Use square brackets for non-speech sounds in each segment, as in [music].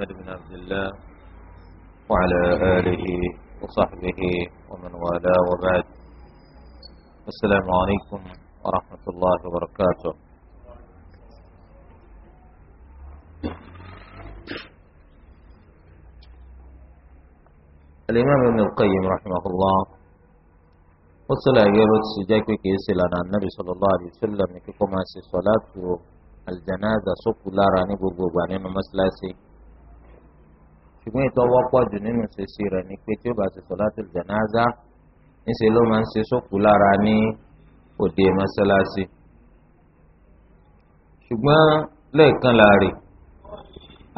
محمد بن عبد الله وعلى آله وصحبه ومن والاه وبعد السلام عليكم ورحمة الله وبركاته الإمام ابن القيم رحمه الله وصلى أجابة سجاك كيسي لنا النبي صلى الله عليه وسلم كما صلاة الجنازة لا راني بوغو نينو مسلاسي ṣùgbọ́n ìtọ́ wọ́pọ̀ jù nínú ṣèṣì rẹ̀ ni pé tí ó bá ṣe sọ̀láàtì jánásà ńṣe ló máa ń ṣe sókù lára ní òde mọ́ṣáláṣí. ṣùgbọ́n lẹ́ẹ̀kan láàrin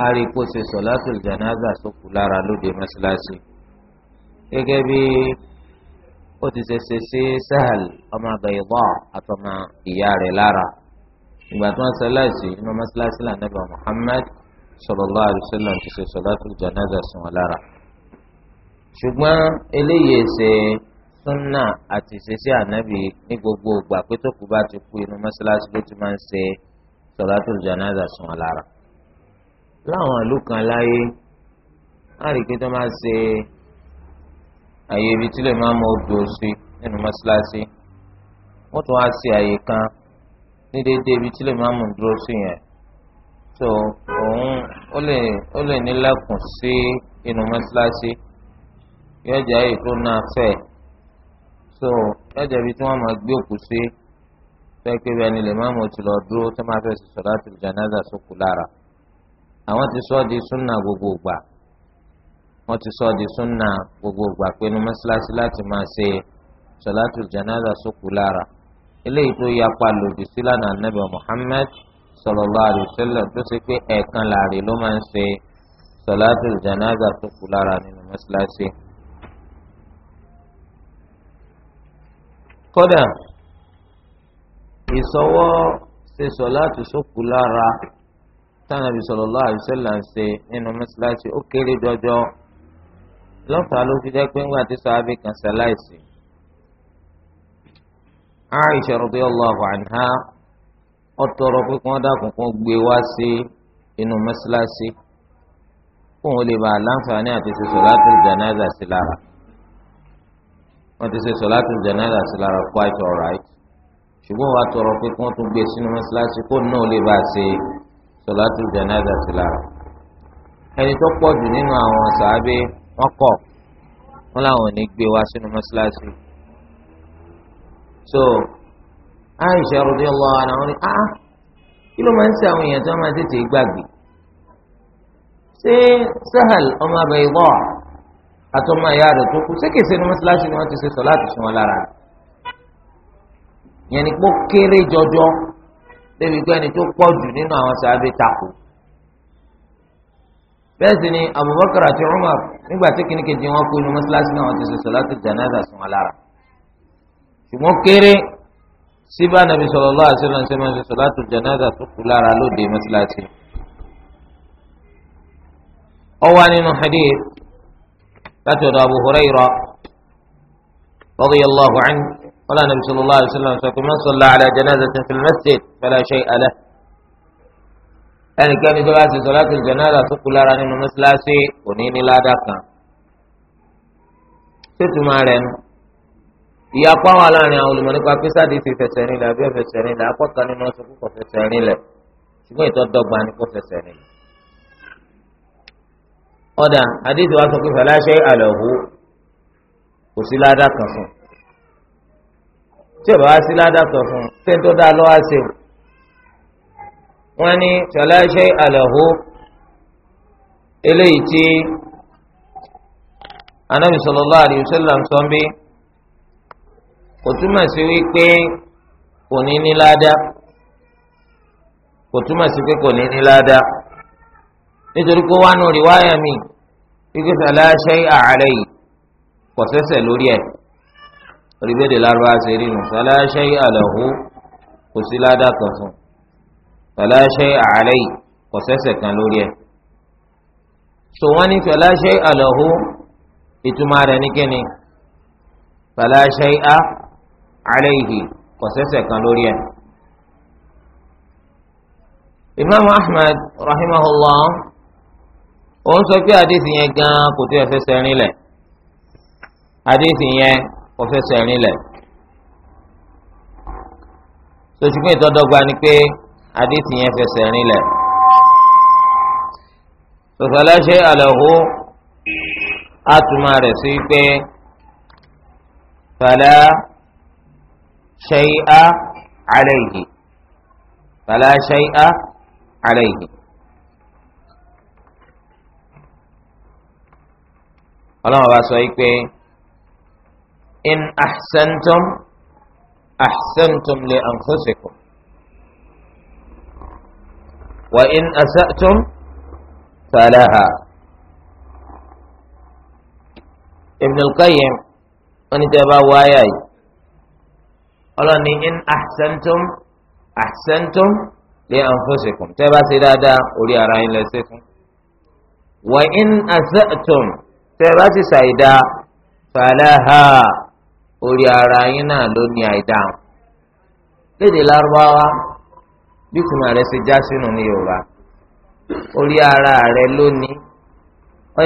a rí kó ṣe sọ̀láàtì jánásà sókù lára lóde mọ́ṣáláṣí. gẹ́gẹ́ bí ó ti ṣe ṣe sí Sahal ọmọ àgbẹ̀yẹ̀wọ̀ àtọmọ ìyá rẹ̀ lára ìgbà tí wọ́n ṣe láìsí inú mọ́ṣáláṣí làǹdàbà صلى الله wasallam ti ṣe salatul janaza sí wọn lára ṣùgbọ́n eléyìí ṣe súnà àti ìṣesí ànábì ní gbogbo ìgbà pé tó kù bá ti kú inú mọ́ṣáláṣí ló ti máa ń ṣe salatul janaza sí wọn lára láwọn ìlú kan láyé á rí i pé tó máa ṣe àyè ibi tí lè máa mọ odò sí nínú mọ́ṣáláṣí wọ́n tún wá sí àyè kan ní déédéé ibi tí lè máa mú dúró sí yẹn tó òun ó lè ó lè nílẹ̀kùn sí inú mọ́sálásí yóò jẹ́ èyí tó náà fẹ̀ so yóò jẹ́ ibi tí wọ́n máa gbé òkú sí fẹ́ pé bẹ́ẹ̀ ni lè má mo ti lọ dúró tó máa fẹ́ solatul janaza sókù lára àwọn ti sọ di súnà gbogbogbà wọ́n ti sọ di súnà gbogbogbà pé inú mọ́sálásí láti máa ṣe solatul janaza sókù lára eléyìí tó yapa lòdì sí lánàá Ànábì sallallahu alaihi wasallam tó ṣe pé ẹ̀ẹ̀kan láàrè ló máa ń ṣe salatul janaza tó kù lára nínú mọ́ṣáláṣí. kódà ìsọwọ́ ṣe sọ̀láàtù sókù lára tánàbí sallallahu alaihi wasallam ń ṣe nínú mọ́ṣáláṣí ó kéré jọjọ lọ́pàá ló fi jẹ́ pé ńgbà tí sàábì kan ṣaláìsí. Aisha radiyallahu anha ọtọrọ pé kí wọn dákun kó gbé wá sí inú mọ́ṣáláṣí kóun lè bá aláǹfààní àti ṣe sọ̀látù jánásà sí lára wọn ti ṣe sọ̀látù jánásà sí lára quite alright ṣùgbọ́n wàá tọrọ pé kí wọ́n tún gbé sínú mọ́ṣáláṣí kóun náà lè bá ṣe sọ̀látù jánásà sí lára ẹni tó pọ̀ jù nínú àwọn sàábé wọn kọ̀ wọn làwọn ò ní gbé wá sínú mọ́ṣáláṣí so. Aisha radiyallahu anha ni ah kí ló máa ń ṣe àwọn èèyàn tí wọ́n máa tètè gbàgbé ṣé Sahal ọmọ abẹ ìwọ àtọmọ ìyá rẹ tó kú sékèsè ní mọ́ṣáláṣí ni wọ́n ti ṣe sọ láti sún wọn lára yẹn ni pé ó kéré jọjọ débi pé ẹni tó pọ̀ jù nínú àwọn sàábé takò bẹ́ẹ̀ sì ni Abubakar àti Umar nígbà tí kìnnìkejì wọn kú ní mọ́ṣáláṣí náà wọ́n ti ṣe sọ láti jánásà sún wọn lára ṣùgbọ́n kéré. síbá nàbí sallallahu alaihi wasallam ṣe máa ń ṣe sọ̀látù jánásà tó kù lára lóde mọ́sálásí. ó wà nínú hadith láti ọ̀dọ̀ Abu Hurairah radiyallahu anhu qala nàbí sallallahu alaihi wasallam sọ pé man salla ala janazatin fil masjid fala shay'a lahu. ẹnikẹ́ni tó bá ṣe sọ̀látù jánásà tó kù lára nínú mọ́sálásí kò ní ní ládàá kan. ṣé tuma rẹ̀ nù? ìyapa wà láàrin àwọn olùmọ̀ nípa pé sádìsì fẹsẹ̀ rìn lẹ̀ àbí ọ̀fẹsẹ̀ rìn lẹ̀ apá kan nínú ọ̀sùn kò fẹsẹ̀ rìn lẹ̀ ṣùgbọ́n ìtọ́ dọ́gba ni kò fẹsẹ̀ rìn lẹ̀. ọ̀dà àdìsì wa sọ pé fẹláṣẹ àlọ́hu kò sí ládà kan fún un tí ọba wa sí ládà kan fún un ṣé tó dáa lọ́wọ́ ṣe o. wọ́n ní fẹláṣẹ àlọ́hu eléyìí tí anábìsọ̀lọ́lá àdìsọ́lá kò túmọ̀ sí wípé kò ní ní ládàá kò túmọ̀ sí pé kò ní ní ládàá nítorí pé wánú rìwáyà mi wípé fàlàṣẹ àárẹ yìí kò sẹ́sẹ̀ lórí ẹ̀ orílẹ̀-èdè lárúbá ṣe rí nù fàlàṣẹ àlọ́hù kò sí ládàá kan fún fàlàṣẹ àárẹ yìí kò sẹ́sẹ̀ kan lórí ẹ̀ sọ wọ́n ní fàlàṣẹ àlọ́hù ìtumọ̀ rẹ̀ ní kíni fàlàṣẹ àárẹ alayhi kò sẹ́sẹ̀ kan lórí ẹ̀. imam ahmed rahimahullah ó ń sọ pé àdéhìí yẹn gan kò tí ẹ fẹsẹ̀ rinlẹ̀ àdéhìí yẹn kò fẹsẹ̀ rinlẹ̀ sosùgbọ́n ìtọ́dọ́gba ni pé àdéhìí yẹn fẹsẹ̀ rinlẹ̀ sọ̀sọ̀láṣẹ́ àlọ́hó àtúmọ̀ rẹ̀ sí pé fàlẹ́ ṣay'a alayhi fala ṣay'a alayhi. ọlọ́run bá sọ yìí pé in ahsantum ahsantum li anfusikum wa in asa'tum falaha. Ibn al-Qayyim wọ́n ní tẹ́ bá ọlọ́ni in ahsantum ahsantum li anfusikum tẹ́ bá ṣe dáadáa orí ara yín lẹ ṣe fún. wa in asa'tum tẹ́ bá ti ṣàìdá falaha orí ara yín náà ló ní àìdá. lédè lárúbáwá bí kùnà rẹ̀ ṣe já sínú ní yorùbá orí ara rẹ̀ ló ní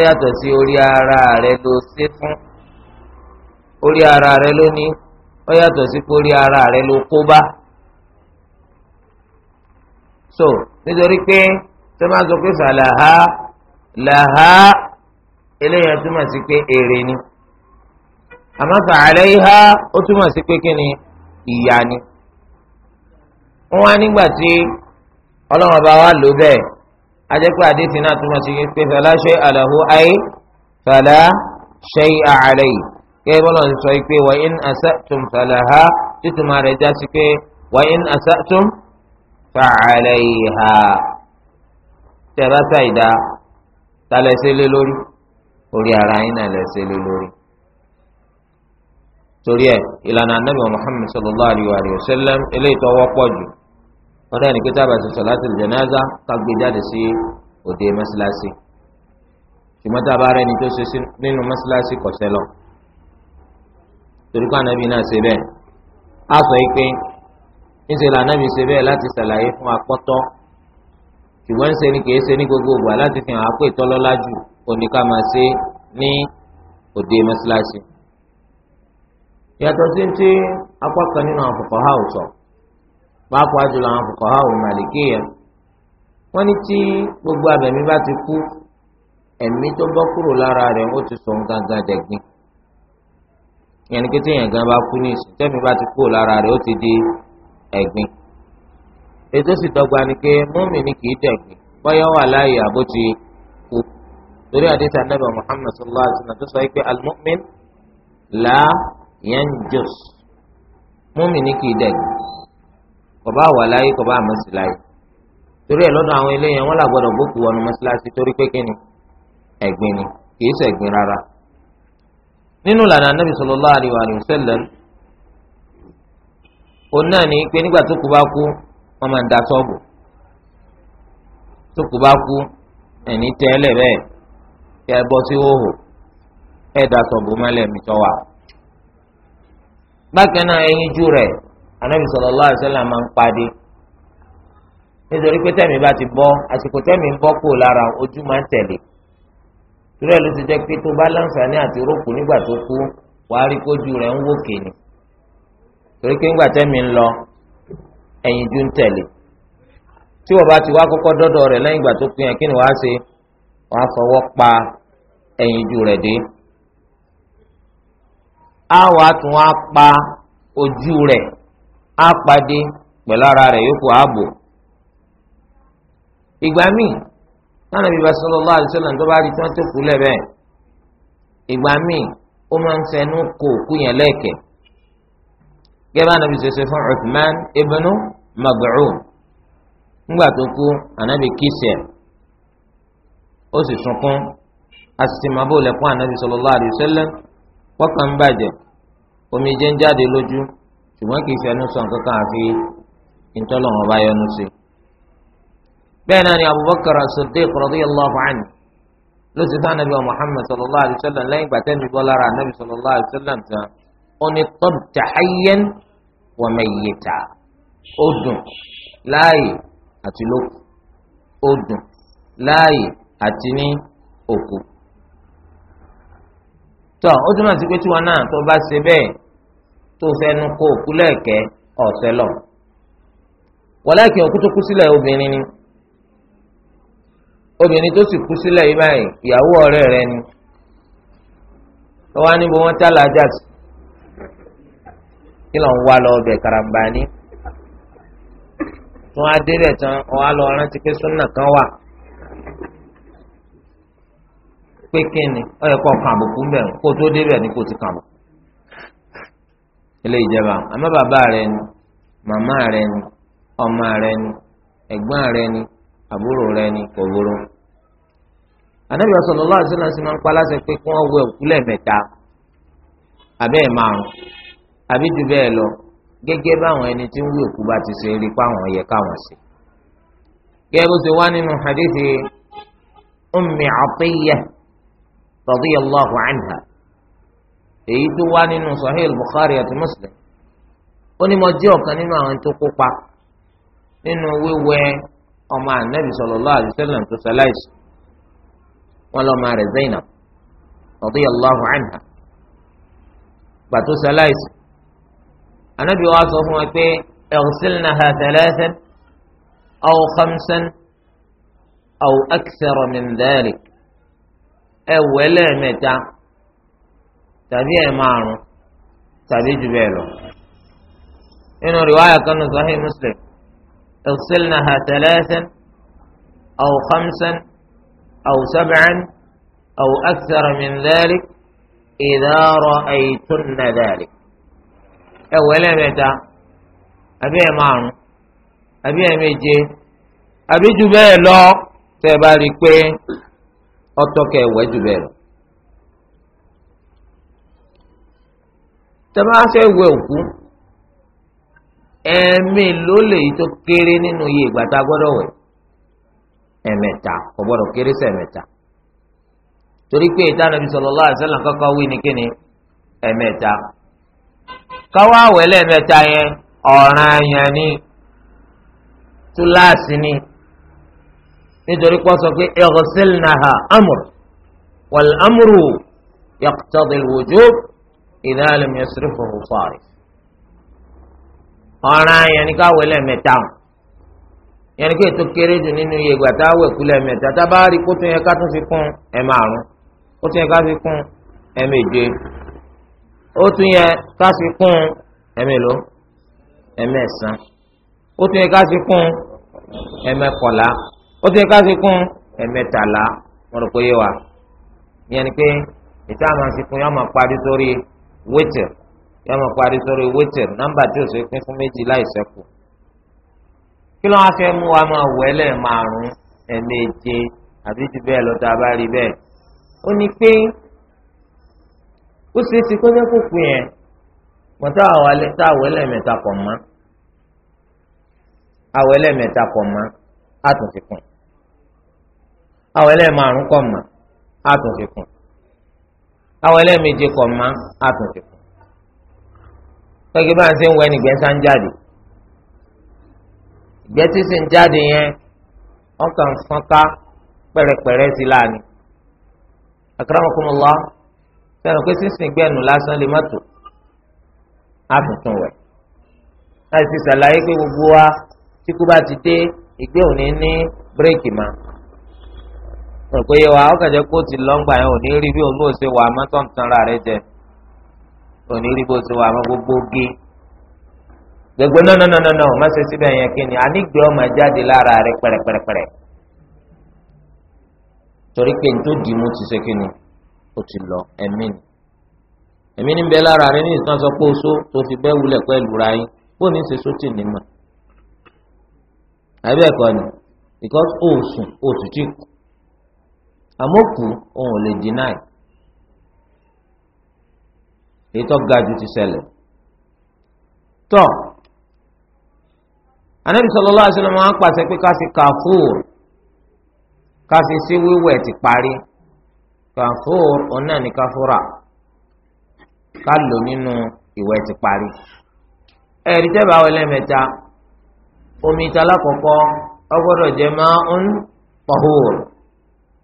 yàtọ̀ sí orí ara rẹ̀ ló ṣe fún orí ara rẹ̀ ló ó yàtọ̀ sí pórí ara rẹ ló kó bá so nítorí pé tó máa sọ pé fàlàhà làhà eléyàn túmọ̀ sí pé èrè ni àmọ́ fàálẹ́ ihá ó túmọ̀ sí pé kí ìyá ni wọ́n á nígbà tí ọlọ́wọ́n bá wà ló bẹ́ẹ̀ ajẹ́pẹ́ àdéhùn náà túmọ̀ sí pé fàlàṣẹ́ àlàhó ayé fàlàṣẹ́ àlẹ́ yìí gẹ́gẹ́ bọ́lá ń sọ pé wa in asa'tum falaha títúmọ̀ rẹ̀ já sí pé wa in asa'tum fa'alayha tẹ̀bá ṣàìdá ta lẹ́sẹ̀ lé lórí orí ara yín náà lẹ́sẹ̀ lé lórí. torí ẹ ìlànà anábì muhammed sallallahu alayhi wa sallam eléyìí tó wọ́pọ̀ jù ọ̀dọ́ ẹni kíkọ́ àbàtì salatul janaza ká jáde sí òde mọ́sálásí ṣùgbọ́n tá a bá rẹ ẹni tó ṣe nínú mọ́sálásí kọ̀ṣẹ́ lọ torí pé anabi náà ṣe bẹ́ẹ̀ á sọ yìí pé ńṣe la anabi ṣe bẹ́ẹ̀ láti ṣàlàyé fún apọ́tọ́ ṣùgbọ́n ńṣe ni kìí ṣe ní gbogbo ìgbà láti fi hàn ápè tọ́lọ́lá jù òní ká máa ṣe ní òde mọ́ṣáláṣí. yàtọ̀ sí ti apá kan nínú àwọn fòkànhá ò sọ pàápàá jùlọ àwọn fòkànhá ò màlìkéyà wọ́n ní tí gbogbo abẹ̀mí bá ti kú ẹ̀mí tó bọ́ kúrò lára rẹ̀ ó ti sọ ń gángan dẹ̀gbin yẹn ni kété yẹn gan bá kú ní ìsìn tẹ́mi bá ti kú lára rẹ̀ ó ti di ẹ̀gbin ètò sì dọ́gba ni pé mọ́mì ni kì í dẹ̀gbin bọ́yá wà láàyè àbó ti kú torí àdéhùn anábà Muhammad sallallahu alaihi wa sallam tó sọ pé al-mu'min la yanjus mọ́mì ni kì í dẹ̀gbin kò bá wà láàyè kò bá àmọ́ sí láàyè torí ẹ̀ lọ́dọ̀ àwọn eléyàn wọn làgbọ́dọ̀ gbókùú wọnú mọ́sálásí torí pé kíni ẹ̀gbin ni kì í ṣẹ̀gbin rárá. nínú ìlànà anabi sallallahu alaihi wa sallam òun náà ní pé nígbà tó kú bá kú wọn máa ń da sọ́ọ̀bù tó kú bá kú ẹni ẹ bọ́ sí hóhò ẹ̀ da sọ́ọ̀bù mọ́lẹ̀ mi tọ́ wa. bákan náà ẹyin anabi máa ń ìrẹ́ ló ti jẹ́ pé tó bá láǹfààní àti rókù nígbà tó kú wàá rí kójú rẹ̀ ń wòkè ni torí pé ńgbà tẹ́mi ń lọ ẹ̀yìn ju ń tẹ̀lé tí wọ́n bá ti wá kọ́kọ́ dọ́dọ̀ rẹ̀ lẹ́yìn ìgbà tó kú yẹn kí ni wàá ṣe wàá fọwọ́ pa ẹ̀yìn ju rẹ̀ dé á wàá tún wá pa ojú rẹ̀ á padé pẹ̀lú ara rẹ̀ yókù ààbò ìgbà míì lánàá bíbá sallallahu alaihi wasallam tó bá rí tí wọ́n tó kú lẹ́bẹ̀ ìgbà míì ó máa ń fẹnu kó òkú yẹn lẹ́ẹ̀kẹ́ gẹ́gẹ́ bá nàbí ṣẹṣẹ fún Uthman ibnu Maz'un ńgbà tó kú ànábì kìsẹ̀ ó sì sunkún asìmàbò lẹ́kún ànábì sallallahu alaihi wasallam wọ́kàn bàjẹ́ omi jẹ́ ń jáde lójú ṣùgbọ́n kìí fẹnu sọ nǹkan kan àfi ìtọ́lọ́wọ́n bá yọnu sí bẹ́ẹ̀ ni abubakar as-siddiq radiyallahu anhu ló ti sáà wa muhammad sallallahu alayhi wa sallam lẹ́yìn ìgbà tẹ́lẹ̀ bọ́ lára sallallahu alayhi wa sallam tán ó ní tọ́bìtà hayyan wa mayyita ó o láàyè àti lókù ó dùn láàyè náà tó bá ṣe bẹ́ẹ̀ tó kó òkú lọ. òkú obìnrin tó sì kú sílẹ̀ yìí báyìí ìyàwó ọ̀rẹ́ rẹ ni wọ́n á níbo wọ́n tálà ajá sí kí ló ń wá lọ ọbẹ̀ karambani tún á débẹ̀ tán wọ́n á lọ rántí pé súnà kan wà pé kí ni ó yẹ kó kan àbùkù ń bẹ̀ kó tó débẹ̀ ni kó ti kan àbùkù ilé ìjẹba àmọ́ bàbá rẹ ni màmá rẹ ni ọmọ rẹ ni ẹ̀gbọ́n rẹ ni àbúrò rẹ ni kò burú. ànábì na alaihi ọgwụ máa ń pa aláṣẹ pé kí wọ́n wẹ òkú lẹ́ẹ̀mẹ́ta àbẹ́ẹ̀ márùn àbí jù bẹ́ẹ̀ lọ gẹ́gẹ́ báwọn ẹni tí ń wí òkú bá ti ṣe rí páwọn yẹ káwọn sí. gẹ́gẹ́ bó ṣe wá nínú hadithi ummi atiyah radiyallahu anha èyí tó wá nínú muslim ó ní mo nínú àwọn tó nínú ọmọ anabi sallallahu alaihi wasallam tó ṣaláìsí wọn lọmọ rẹ̀ Zainab radiyallahu anha gbàtó ṣaláìsí anabi wa sọ fún wa pé ighsilnaha thalathan aw khamsan aw akthara min dhalik ẹ wẹ̀ lẹ́ẹ̀mẹ́ta tàbí ẹ márùn tàbí jù bẹ́ẹ̀ lọ nínú riwaayà kanu sahih Muslim. اغسلنها ثلاثا أو خمسا أو سبعا أو أكثر من ذلك إذا رأيتن ذلك أولا متى أبي معن أبي ميجي أبي جبيلو تبارك بيه ọtọkẹ ẹwẹ jù bẹ́ẹ̀ ẹ̀ẹ̀mí ló lè tó kéré nínú iye ìgbà tá a gbọ́dọ̀ wẹ̀ ẹ̀mẹ̀ta kò gbọ́dọ̀ kéré sẹ̀mẹ̀ta torí pé ìta nàbí sallallahu alaihi wasallam kọ́kọ́ wí ni kíni ẹ̀mẹ̀ta káwá wẹ̀ lẹ́ẹ̀mẹta yẹn ọ̀ràn ni túláàsì ni nítorí pọ́ sọ pé ighsilnaha wal ọ̀ràn yẹn ni ká wẹ̀ lẹ́ẹ̀mẹ́ta o yẹn ni kí ètò kéré jù nínú iye ìgbà tá a wẹ̀ kú lẹ́ẹ̀mẹ́ta tá a bá rí kó tún yẹ ká tún fi kún ẹ̀ márùn ó tún yẹ ká fi kún ẹ̀ méje ó tún yẹ ká fi kún ẹ̀ mélòó ẹ̀ mẹ́sàn ó tún yẹ ká fi kún ẹ̀ mẹ́kànlá ó tún yẹ ká fi kún ẹ̀ mẹ́tàlá mo rò pé yé wa yẹn ni pé ìta fi kún yọ máa parí sórí wẹ́tìrì yóò máa parí sọ̀rọ̀ wétìr nọ́mbà tí o sì pín fún méjì láì ṣẹ́kù kí ló wá fẹ́ mú wa máa wọ ẹlẹ́ márùn ẹ̀ẹ̀méje àbí ti bẹ́ẹ̀ lọ́tà bá rí bẹ́ẹ̀ ó ní pé ó ṣeé ṣe kó jẹ́ kó pin ẹ̀ mọ̀ tá àwọ̀ ẹlẹ́mẹ̀ta pọ̀ mọ́ àwọ̀ ẹlẹ́mẹ̀ta pọ̀ mọ́ á tún fi kùn àwọ̀ ẹlẹ́màrún kọ̀ mọ́ á tún fi gẹ́gẹ́ bá ń ṣe ń wẹ̀ nígbẹ́ sá ń jáde ìgbẹ́ tí sì ń jáde yẹn wọ́n kàn fọ́n ká pẹ̀rẹ̀pẹ̀rẹ̀ sí láàánú akramakumullah sẹ́yìn pé sísìn gbẹ̀nù lásán lè má tó àtúntún wẹ̀ láti ti sàlàyé pé gbogbo wa tí kú bá ti dé ìgbé òní ní bírèkì ma rò pé yẹ wa ọkàn jẹ́ lọ́ngbà yẹn òní rí bí òun ló ṣe wà á mọ́tò ń tanra rẹ onírí bó ti wà àwọn gbogbo gé gbogbo nọ́nọ́nọ́nọ́ má ṣe síbẹ̀ yẹn kí ni ànígbé ọmọ jáde lára rẹ pẹ̀rẹ̀pẹ̀rẹ̀ torí pé ní tó dì í mú ti ṣe kí ni ó ti lọ ẹ̀mí ni ẹ̀mí ni bẹ́ẹ̀ lára rẹ ní ìtàn sọ pé oṣó tó fi bẹ́ẹ̀ wulẹ̀ pẹ̀lú ra yín bó ní ṣe sótì ní mà àbí ẹ̀kọ́ ni because oṣù oṣù tí kù àmọ́ kù òun ò lè deny èyí tó ga jù ti ṣẹlẹ̀ tọ́ anabi sallallahu alaihi wasallam máa ń pàṣẹ pé ká ṣe kàfúr ká ṣe sí wíwẹ̀ ti parí kàfúr òun náà ní káfúrà ká lò nínú ìwẹ̀ ti parí ẹ̀rí tẹ́bà wọlé mẹ́ta omi ìta lákọ̀ọ́kọ́ ó jẹ́ máa ń pọ̀hùr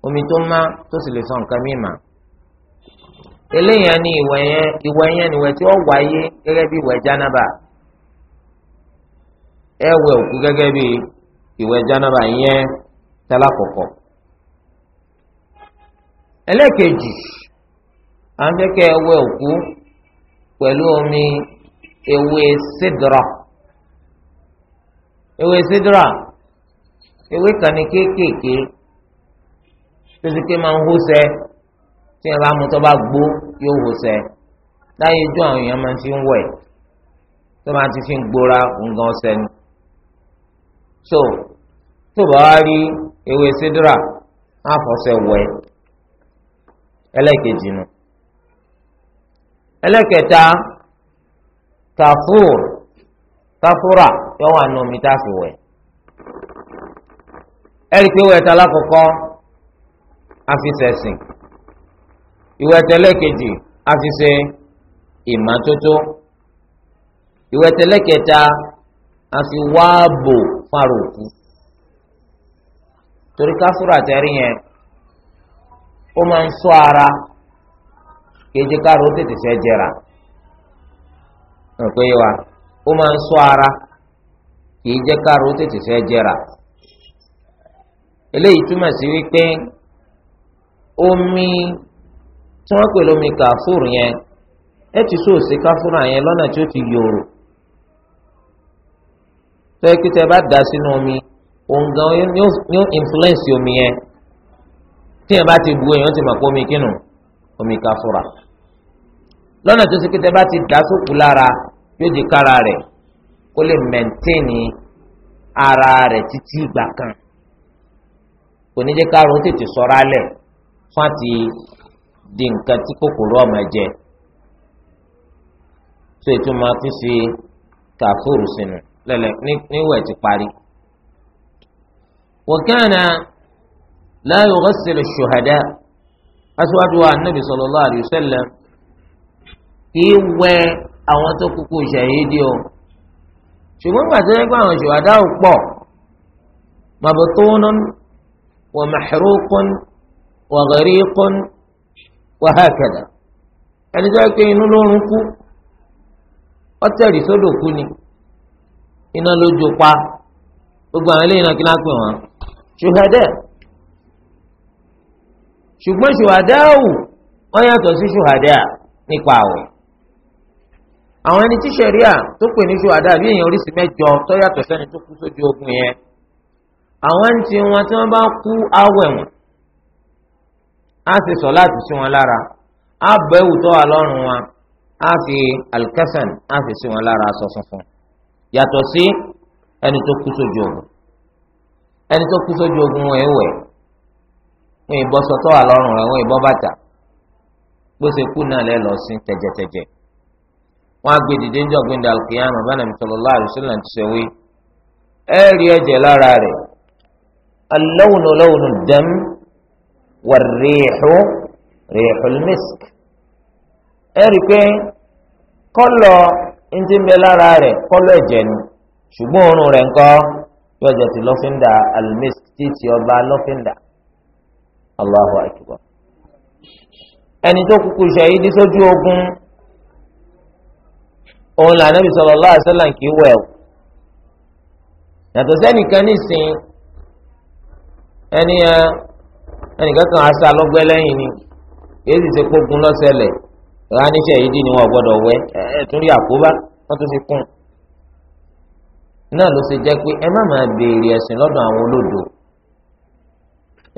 omi tó má tó sì lè sọ nǹkan mímà eléyàn ni ìwẹ̀ yẹn ìwẹ̀ yẹn waye tí ó wáyé gẹ́gẹ́ bí ìwẹ̀ gege ẹ wẹ̀ òkú gẹ́gẹ́ bí ìwẹ̀ elekeji yẹn tẹ́lákọ̀kọ̀ ẹlẹ́kejì ewe oku pelu wẹ̀ òkú pẹ̀lú omi ewé sídra ewé sídra ewé kan kéékèèké tó ti máa tí ẹ bá mu tó bá gbó yóò wò sẹ láyé ijó àwọn èèyàn máa ti ń wẹ̀ tó máa ti fi ń gbóra nǹkan ọ̀sẹ̀ ni. so tó bá wá rí ewé sídìrà á fọṣẹ wẹ̀ ẹlẹ́ẹ̀kejì nu. ẹlẹ́ẹ̀kẹta kàfúr kàfúrà yóò wà nù omi tá a fi wẹ̀. ẹ̀rí pé wẹ̀ ta lákòókò àfi sẹ̀sìn. ìwẹ̀ tẹlẹ́kejì a fi ṣe ìmọ́tótó ìwẹ̀ a fi wáàbò fáròkú torí káfúrà tẹ́rí yẹn ó máa ń sọ ara kejì káàró tètè ejera jẹrà ọ̀pẹ́ yìí wa ó ara kì í jẹ́ káàró tètè fẹ́ jẹrà eléyìí túmọ̀ sí wípé omi. tí wọ́n pè lómi kàfúrù yẹn ẹ ti sọ òsì káfúrù yẹn lọ́nà tí ó ti yòrò tẹ́ kí tẹ́ bá dà sínú omi òǹgàn yóò influence omi yẹn tí yẹn bá ti bu èèyàn ti mọ̀ pé omi kínú omi káfúrà lọ́nà tó sì kí tẹ́ bá ti dà sókù lára yóò di kára rẹ̀ kó lè mẹ́ntẹ́ẹ̀nì ara rẹ̀ títí ìgbà kan kò ní jẹ́ káàró tètè sọ́ra lẹ̀ fún àti di nǹkan tí kòkòrò ọmọ jẹ so ètò máa tún fi kàfóòrù sínú lẹ́lẹ̀ níwẹ̀ ti parí. وكان لا يغسل الشهداء aṣíwájú wa anabi sallallahu alayhi wa sallam kì í wẹ àwọn tó kúkú ṣàyédí o ṣùgbọ́n gbàtí wọ́n gbọ́ àwọn ṣùwádà ò pọ̀ mabtunun wa mahruqun wa ghariqun. wàhákẹ́dà ẹni tó yẹ pé inú lórun kú ọtẹ̀rì sódò kú ni iná lójú pa gbogbo àwọn eléyìí náà kí náà pè wọ́n ṣùhẹ́dẹ́ ṣùgbọ́n ṣùhẹ́dẹ́ ò wọ́n yàtọ̀ sí ṣùhẹ́dẹ́ à nípa àwọ̀ àwọn ẹni tí tó pè ní àbí èèyàn oríṣi mẹ́jọ tó sójú ogun yẹn àwọn ẹni tí tí bá kú á ṣe sọ̀láàtì sí wọn lára á bọ ẹ̀wù tó wà lọ́rùn wọn á fi alkẹsàn á fi sí wọn lára aṣọ funfun yàtọ̀ sí ẹni tó kú sójú ogun ẹni tó kú sójú ogun wọn ẹ̀wẹ̀ wọn ìbọn sọ tó wà lọ́rùn rẹ̀ wọn ìbọn bàtà gbèsè kú náà lẹ́ lọ sí tẹ̀jẹ̀tẹ̀jẹ̀ wọn á dìde ńjọ gbé ndàlù kìyàmù nàmi sallallahu alaihi wasallam ti ṣe ẹ rí ẹ̀jẹ̀ lára rẹ̀ alawuno lawuno wàríhù ríhùl misk ẹ rí i pé kọ́lọ̀ ntí ń bẹ lára rẹ̀ kọ́lọ̀ ẹ̀jẹ̀ ni ṣùgbọ́n òórùn rẹ̀ ńkọ́ yóò jẹ́ ti lọ́fíńdà almisk tí ti ọba lọ́fíńdà Allahu akbar ẹni tó kúkú ṣẹ̀yìn dí sójú ogun òun là nàbì sallallahu alaihi wasallam kì í yàtọ̀ sẹ́nìkan nísìn ẹni yẹn. ẹnìkan kan aṣọ alọ́gbẹ́ ni èyí ṣe kógun lọ́sẹ̀lẹ̀ ìháníṣẹ́ yìí wọn gbọ́dọ̀ wẹ ẹ̀ẹ́dùn rí àkóbá wọ́n tún fi kún náà ló ṣe jẹ́ pé ẹ má máa béèrè ẹ̀sìn lọ́dọ̀ àwọn olódo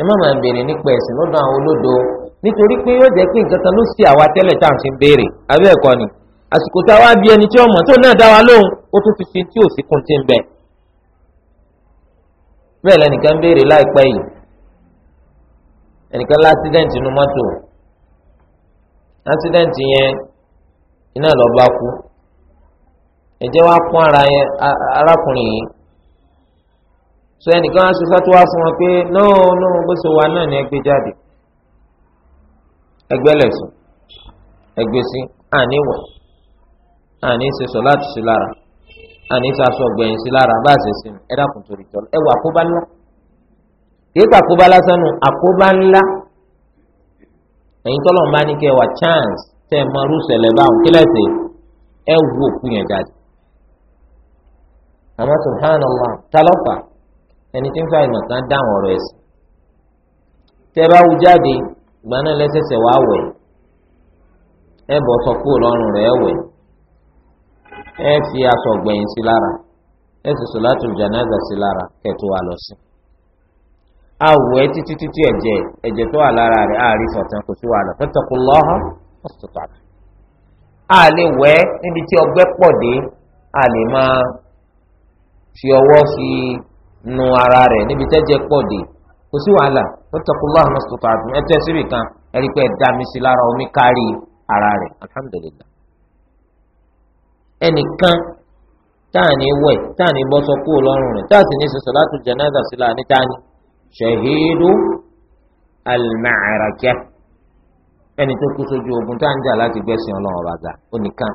ẹ má máa béèrè nípa ẹ̀sìn lọ́dọ̀ àwọn olódo nítorí pé yóò jẹ́ pé nǹkan kan ló ṣe àwa tá à ni àsìkò tá a wá bí ẹni tí ọmọ tó náà dá wa lóhùn ó tún fi ti ń bẹ bẹ́ẹ̀ lẹ́nìkan béèrè ẹnìkan lásìdẹ́ǹtì nu mọ́tò lásìdẹ́ǹtì yẹn iná lọ bá kú ẹ̀jẹ̀ wá pọ́n ara yẹn arákùnrin yìí so ẹnìkan á tó wá fún wọn pé náà náà bó ṣe wà náà ni ẹgbẹ́ jáde ẹgbẹ́ lẹ̀sùn ẹgbẹ́ sí àní wọ̀ àní ṣe sọ láti ṣe lára àní ṣe aṣọ ọgbẹ̀yìn sí lára bá a ṣe sinmi ẹ dákun torí tọ́lú ẹ wà kó bá lọ́kùn. kìí sàkóbá lásán nu àkóbá ńlá ẹ̀yin tọ́lọ̀ ní ẹ wà chance tẹ́ ẹ máa rúṣẹ̀lẹ̀ báwọn kílẹ̀sì ẹ wù òkú yẹn jáde. àmọ́ subhanallah talọ́fà ẹni tí ń fa ìmọ̀ kan dáhùn ọ̀rọ̀ ẹ̀sìn. tẹ́ bá wù jáde ìgbà náà wẹ̀ ẹ bọ̀ sọ kúrò lọ́rùn rẹ̀ fi aṣọ sí lára ẹ sì sọ láti sí awọ ẹ títí títí ẹ̀jẹ̀ ẹ̀jẹ̀ tó wà lára rẹ̀ àárí fọ̀tán kò sí wàhálà fattaqullaha a lè wee níbi tí ọgbẹ́ a lè máa fi ọwọ fi nu ara rẹ̀ níbi je pọ̀ dé kò sí wàhálà fattaqullaha mọ́sítọ́tàlá ẹ tẹ́ kan ẹ mi sí lára omi kárí ara rẹ̀ alhamdulillah. ẹnìkan táà ní wẹ̀ táà ní bọ́sọ kúrò lọ́rùn rẹ̀ táà sì ní sọ̀sọ̀ láti jánásà ṣahidu al eni ẹni tó kú sójú ogun tá à ń jà láti gbẹ̀sìn ọlọ́run ọba ó nìkan.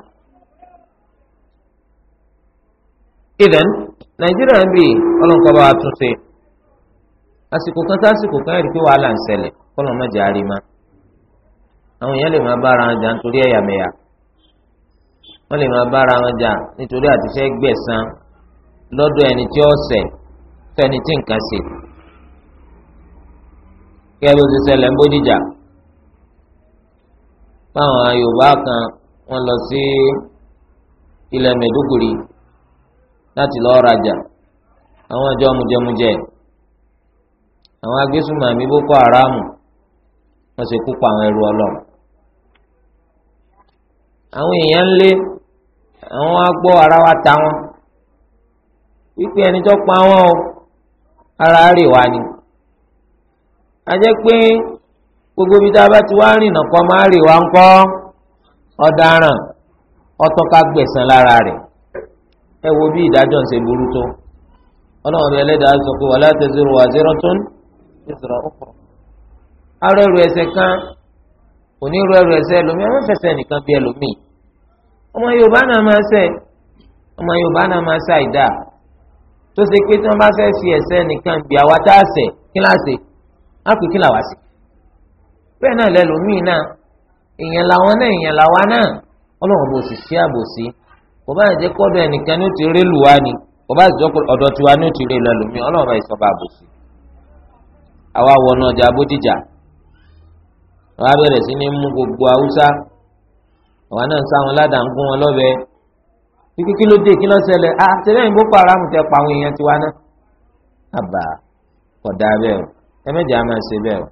ìdán nàìjíríà ń bì ọlọ́nkọ́ba àtúnṣe àsìkò kan sásìkò kan ẹ̀rí pé wàhálà á rí ma àwọn èèyàn lè máa bára wọn jà nítorí ẹ̀yàmẹ̀yà wọ́n lè máa bára wọn jà nítorí àtiṣe gbẹ̀san lọ́dọ̀ kẹ́rù ti ṣẹlẹ̀ ń bódìjà báwọn Yorùbá kan wọ́n lọ sí ilẹ̀ Mẹ̀dúgùrì láti lọ́ọ́ rajà àwọn ọjọ́ mujẹmujẹ àwọn agbésùnmọ̀mí Boko Haram wọ́n ṣe kú pa àwọn ẹrú ọlọ́run àwọn èèyàn ń lé àwọn agbọ́ ara wa ta wọn wípé ẹni tó pa wọn o ara rè wá ni ajẹ́ pé gbogbo ibi tá a bá ti wá rìn nà kọ́ máa rè wá ń kọ́ ọ̀daràn ọtọ́ka gbẹ̀sán lára rẹ̀ ẹ wo bí ìdájọ́ ń ṣe burú tó ọlọ́run bí ẹlẹ́dàá sọ pé wala taziru waziratun wizra ukhra arọ ẹrù ẹ̀ṣẹ̀ kan òní rọ ẹrù ẹ̀ṣẹ̀ ẹlòmíì ọmọ fẹsẹ̀ nìkan bí ẹlòmíì ọmọ yorùbá náà máa ṣẹ̀ ọmọ yorùbá náà máa ṣe àìdá tó ṣe pé tí wọ́n bá fẹ́ fi ẹ̀ṣẹ̀ nìkan bí àwa tá a ṣẹ̀ kíláàsì á pè kí làwá sí. bẹ́ẹ̀ náà lẹ́lòmíì náà èèyàn làwọn náà èèyàn làwa náà ọlọ́run bò sì ṣe àbòsí kò bá jẹ́ kọ́dọ̀ ẹnìkan ní ó ti rí lùwá ni kò bá jẹ́ ọ̀dọ̀ tiwa ní ó ti rí lẹ́lòmíì ọlọ́run bá ìsọba àbòsí. àwa wọnà ọjà Bódìjà wọn á bẹ̀rẹ̀ sí ní mú gbogbo Haúsá àwa náà ń sá wọn ládàá ń gún wọn lọ́bẹ̀ẹ́ ikú ló dé kí ló ṣẹlẹ̀ àtẹlẹ́yìn ah, Boko Haram tẹ pa àwọn èèyàn tiwa náà àbá kọ̀dá bẹ́ẹ̀ o ẹ mẹjọ a máa ṣe bẹ́ẹ̀ o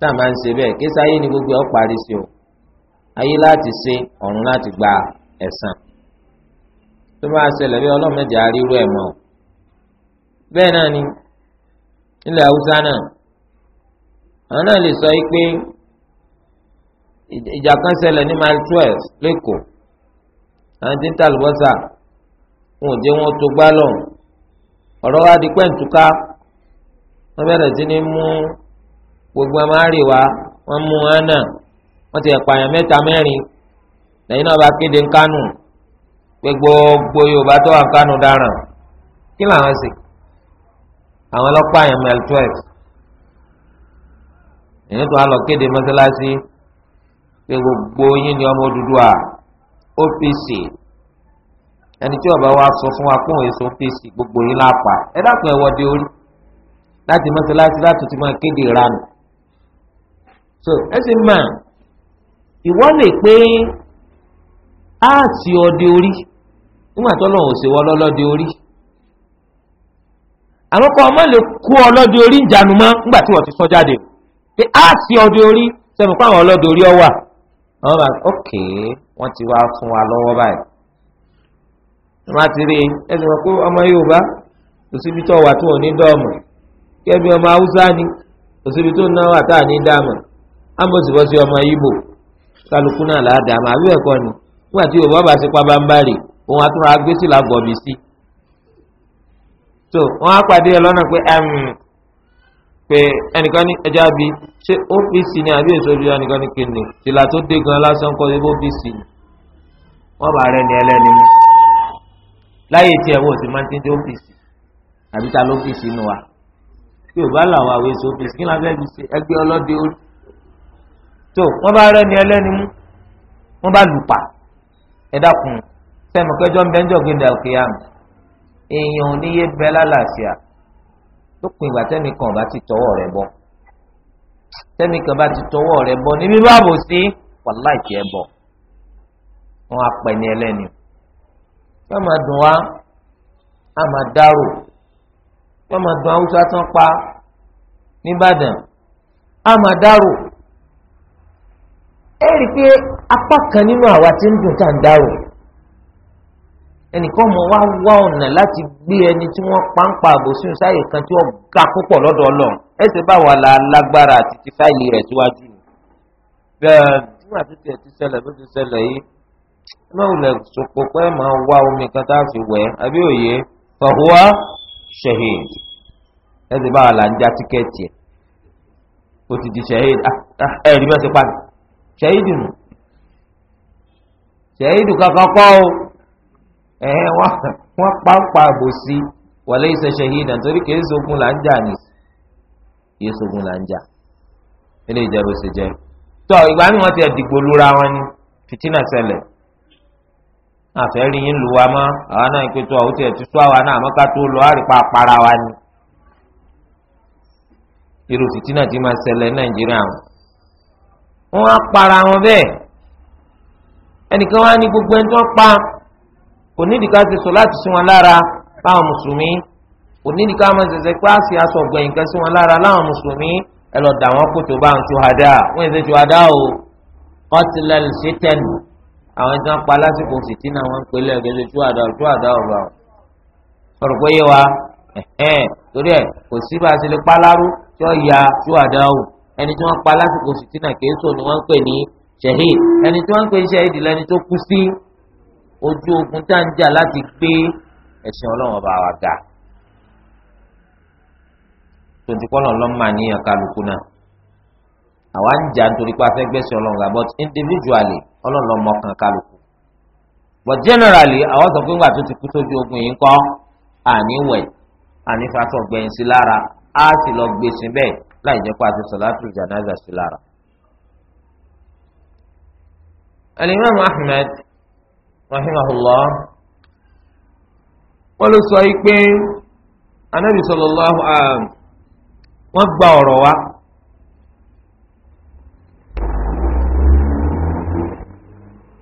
tá a máa ń ṣe bẹ́ẹ̀ kéésì ayé ni gbogbo ọ parí sí o ayé láti ṣe ọ̀run láti gba ẹ̀san tó bá ṣẹlẹ̀ bí Ọlọ́run mẹjọ a rí o bẹ́ẹ̀ náà ni ilẹ̀ haúsá náà àwọn náà lè sọ yìí pé ìjà kan ṣẹlẹ̀ ní mile twelve lẹ́kọ̀ọ́ àwọn tí ń ta àlùbọ́sà wọn ò jẹ́ wọn tó gbá lọ́rùn ọ̀rọ̀ wa di pẹ́ǹtùká wọ́n bẹ̀rẹ̀ sí ní mú gbogbo amárì wá wọ́n mú wọn náà wọ́n ti ẹ̀pààyàn mẹ́ta mẹ́rin lẹ́yìn náà bá kéde ńkánù pé gbogbo Yorùbá tó wà ńkánù dáràn kí làwọn sì àwọn ọlọ́pàá yẹn mẹ́l twelve èyí tó wà lọ kéde mọ́sálásí pé gbogbo yín ni ọmọ Odùduwà OPC ẹni tí ọba wa sọ fún wa kóhùn èso OPC gbogbo yín lápá ẹ dákun ẹ wọ́de orí láti mọ́sálásí láti ti máa kéde ìranù so ẹ sì mà ìwọ lè pé áàtì ọdẹ orí nígbà tó lọ́wọ́ òsèwọ́ ọlọ́lọ́dẹ orí àwọn kan ọmọ lè kó ọlọ́dẹ orí ń jánu mọ́ nígbà tí wọ́n ti sọ jáde pé áàtì ọdẹ orí sẹ́mi pé àwọn ọlọ́dẹ orí ọ wà àwọn bá ok wọ́n ti wá fún wa lọ́wọ́ báyìí wọ́n ti rí ẹ ẹ sọ pé ọmọ Yorùbá kò síbi tó wà tó ò ní dọ́ọ̀mù kẹbi ọmọ haúsá ni òsèbi tó náwó àtàwọn ní dàmà ámbòsibọsí ọmọ ibo kálukú náà là dàmà àbí ẹ̀kọ́ ni nígbà tí yorùbá bá ti pa bámbárì òun àtúrò agbésí là gọ̀bì sí. tó wọn á pàdé ẹ lọ́nà pé pé ẹnìkan ní ẹja bi ṣé ọ́fíìsì ni àbí èso bí ẹnìkan ní kíni tìlà tó dé gan lásán kọ́ ewé ọ́fíìsì ni wọ́n bá rẹ ni ẹlẹ́ni mú láyé tiẹ̀ wọ́n ti máa ń tẹ́jú ọ́fíìsì àbí ta lọ́fíìsì nù wa tí ò bá làwọn àwọn èso ọ́fíìsì kí ni abẹ́ fi ṣe ẹgbẹ́ ọlọ́dẹ orí tó wọ́n bá rẹ́ni ẹlẹ́ni mú wọ́n bá lùpà ẹ dákun sẹ́mi kẹjọ́ mbẹ́njọ́ gbẹ̀dẹ̀ òkè àmì èèyàn ò níyé bẹ́ lálàáfíà tó pin ìgbà tẹ́mi kan bá ti tọwọ́ rẹ̀ bọ́ tẹ́mi kan bá ti tọwọ́ rẹ̀ bọ́ níbi báàbò sí wàláì kí ẹ bọ̀ wọ́n apẹ̀ni ẹlẹ́ni wọ́n máa dùn wá á máa dárò wọ́n máa dùn haúsá tán pa nìbàdàn á máa dárò ẹ rí i pé apá kan nínú àwa tí ń dùn tá à ń dárò ẹnìkan mọ wá wá ọ̀nà láti gbé ẹni tí wọ́n pàǹpà àbòsùn sáyè kan tí wọ́n ga púpọ̀ lọ́dọ̀ ọlọ́run ẹsẹ̀ bá wà lágbára àti ti fáìlì rẹ̀ síwájú bẹ́ẹ̀ nígbà tó tiẹ̀ ti ṣẹlẹ̀ bó ti ṣẹlẹ̀ yìí ẹ máa wulẹ̀ sọ̀pọ̀ pé ẹ máa wá omi kan tá a fi wẹ̀ ẹ́ àbí òye fàhùwà shahid ẹ sì báwa là ń já tíkẹ́ẹ̀tì ẹ̀ ó ti di shahid ẹ̀ ẹ̀rí bẹ́ẹ̀ ti padà shahid nù shahid kankan kọ́ o ẹ̀ wọ́n pàápàá bò sí wọlé iṣẹ́ shahid nítorí kìí sógun là ń jà ní kìí sógun là ń jà ilé ìjẹ́bù sì jẹ́ tọ́ ìgbà ni wọ́n ti ẹ̀ dìgbò lura wọn ni fìtínà ṣẹlẹ̀ àfẹ́rí yín lu wa mọ́ àwa náà ń pètò àwọn tí ẹ̀ ti sọ àwa náà àmọ́ ká tó lọ àrípa para wa ni. irú fìtínà tí máa ṣẹlẹ̀ nàìjíríà wọn á para wọn bẹ́ẹ̀ ẹnìkan wá ní gbogbo ẹni tó ń pa kò nídìí ká ṣe sọ láti sí wọn lára láwọn mùsùlùmí kò nídìí ká máa ṣẹ̀ṣẹ̀ pé àṣì aṣọ ọ̀gbẹ̀yìn kan sí wọn lára láwọn mùsùlùmí ẹ lọ dà wọn kó tó bá ń tó hadá wọn èsè àwọn tí wọ́n pa lásìkò fìtínà wọ́n ń pè lẹ́ẹ̀kẹ́sẹ̀ tú àdá tú àdá ọ̀rọ̀ àwọn sọ̀rọ̀ pé yé wa torí ẹ̀ kò sí bá a ti lè pa láró tí ó ya tú àdá ò ẹni tí wọ́n pa lásìkò fìtínà kéésò ni wọ́n ń pè ní shahid ẹni tí wọ́n ń pè ní shahid lẹni tó kú sí ojú ogun tá à ń jà láti gbé ẹ̀sìn ọlọ́run ọba wa ga tonti kọlọ lọ máa níyàn kálukú náà àwa ń jà nítorí pé a fẹ́ gbẹ̀sìn ọlọ́run ga but individually ọlọ́lọ́ mọ̀kàn kálukú but generally àwọn sọ pé ńgbà tó ti kú sójú ogun yìí ń kọ́ àní wẹ̀ gbẹ̀yìn sí lára á sì lọ gbé sí bẹ́ẹ̀ láì jẹ́ pé a ti sí lára. rahimahullah wọ́n ló sọ yìí pé anabi gba ọ̀rọ̀ wa.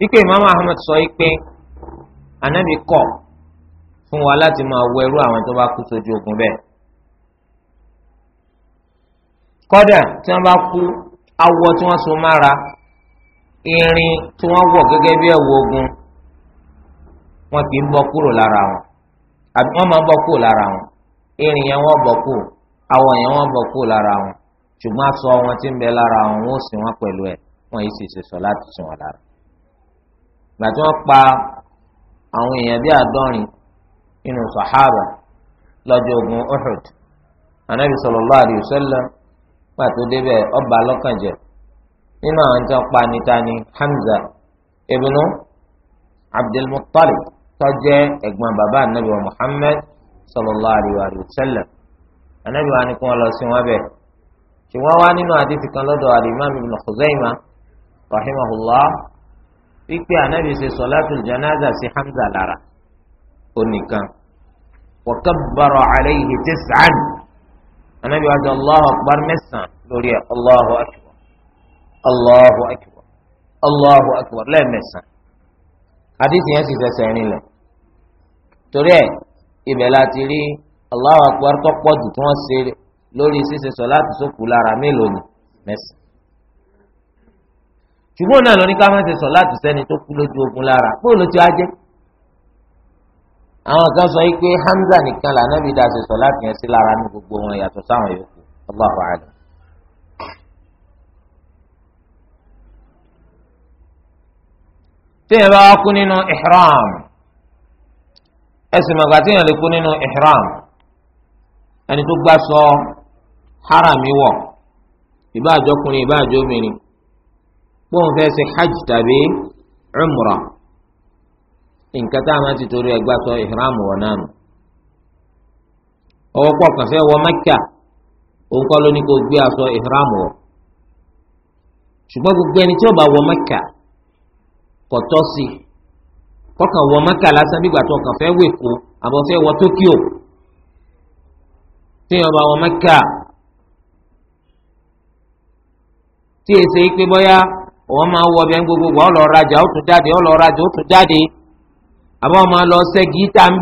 wípé imam ahmed sọ wípé anabi kọ̀ fún wa láti máa wọ ẹrú àwọn tó bá kú sójú ogun bẹ́ẹ̀ kódà tí wọ́n bá kú awọ tí wọ́n so mára irin tí wọ́n wọ̀ gẹ́gẹ́ bí ẹ̀wù ogun wọ́n kì í bọ́ kúrò lára wọn àbí wọ́n máa bọ́ kúrò lára wọn irin yẹn wọ́n bọ́ kúrò awọ yẹn wọ́n bọ́ kúrò lára wọn ṣùgbọ́n aṣọ wọn tí ń bẹ lára wọn wọ́n sì wọ́n pẹ̀lú ẹ̀ wọ́n yìí sì ṣe sọ láti sùn wọn lára gbà tí wọ́n pa àwọn èèyàn bíi àádọ́rin nínú sàhábà lọ́jọ́ ogun Uhud anabi sallallahu alaihi wasallam pàtó débẹ̀ ọba lọ́kànjẹ́ nínú àwọn tí wọ́n pa níta ni Hamza ibnu Abdulmuttalib tó jẹ́ bàbá anabi wa Muhammad sallallahu alaihi wasallam anabi wa ni kí wọ́n lọ sí wọn bẹ́ẹ̀ ṣùgbọ́n wá nínú àdìsí kan lọ́dọ̀ al-Imam Ibn Khuzaimah rahimahullah wípé anabi ṣe sọlátul janaza sí hamza lára onìkan wa kabbara alayhi tis'an anabi wa sọ allahu akbar mẹ́sàn lórí ẹ allahu akbar allahu akbar allahu akbar lẹ́ẹ̀mẹ́sàn àdìsí yẹn sì fẹsẹ̀ rìn lẹ̀ torí ẹ ibẹ̀ láti rí allahu akbar tó pọ̀ jù tí wọ́n lórí ṣíṣe sọlátul sókù lára mélòó ni mẹ́sàn ṣùgbọ́n náà lọ ní ká má ṣe sọ láti sẹ́ni tó kú lójú ogun lára bó ló ti wá jẹ́ àwọn kan sọ pé Hamza nìkan là nábì dá ṣe sọ láti yẹn sí lára ní gbogbo wọn yàtọ̀ sáwọn yòókù Allahu a'lam. téèyàn bá kú nínú ihram ẹsìn màgà téèyàn lè kú nínú ihram ẹni tó gbà sọ haram wọ̀ ìbá àjọkùnrin ìbá àjọbìnrin pọ́n fẹ́ ṣe hajj tàbí umra nǹkan tá a máa ti torí ẹgbà sọ ìhìrámù wọn náà nù ọwọ́ pọ̀ kàn fẹ́ wọ mẹ́kà òun kọ́ ló ní kó gbé aṣọ ìhìrámù wọ̀ ṣùgbọ́n gbogbo ẹni tí ó bá wọ mẹ́kà kò tọ́ sí i kọ́kàn wọ mẹ́kà lásán bí gbàtọ́ kàn fẹ́ wẹ̀kọ́ àbọ̀ fẹ́ wọ tókíò téèyàn bá wọ mẹ́kà tí èsè yìí pé bọ́yá. wọ́n máa wọ bẹ́ẹ̀ gbogbo ọ̀ lọ rajà ó tún jáde lọ rajà ó tún jáde àbọ̀ máa lọ ṣẹ́gi tá ń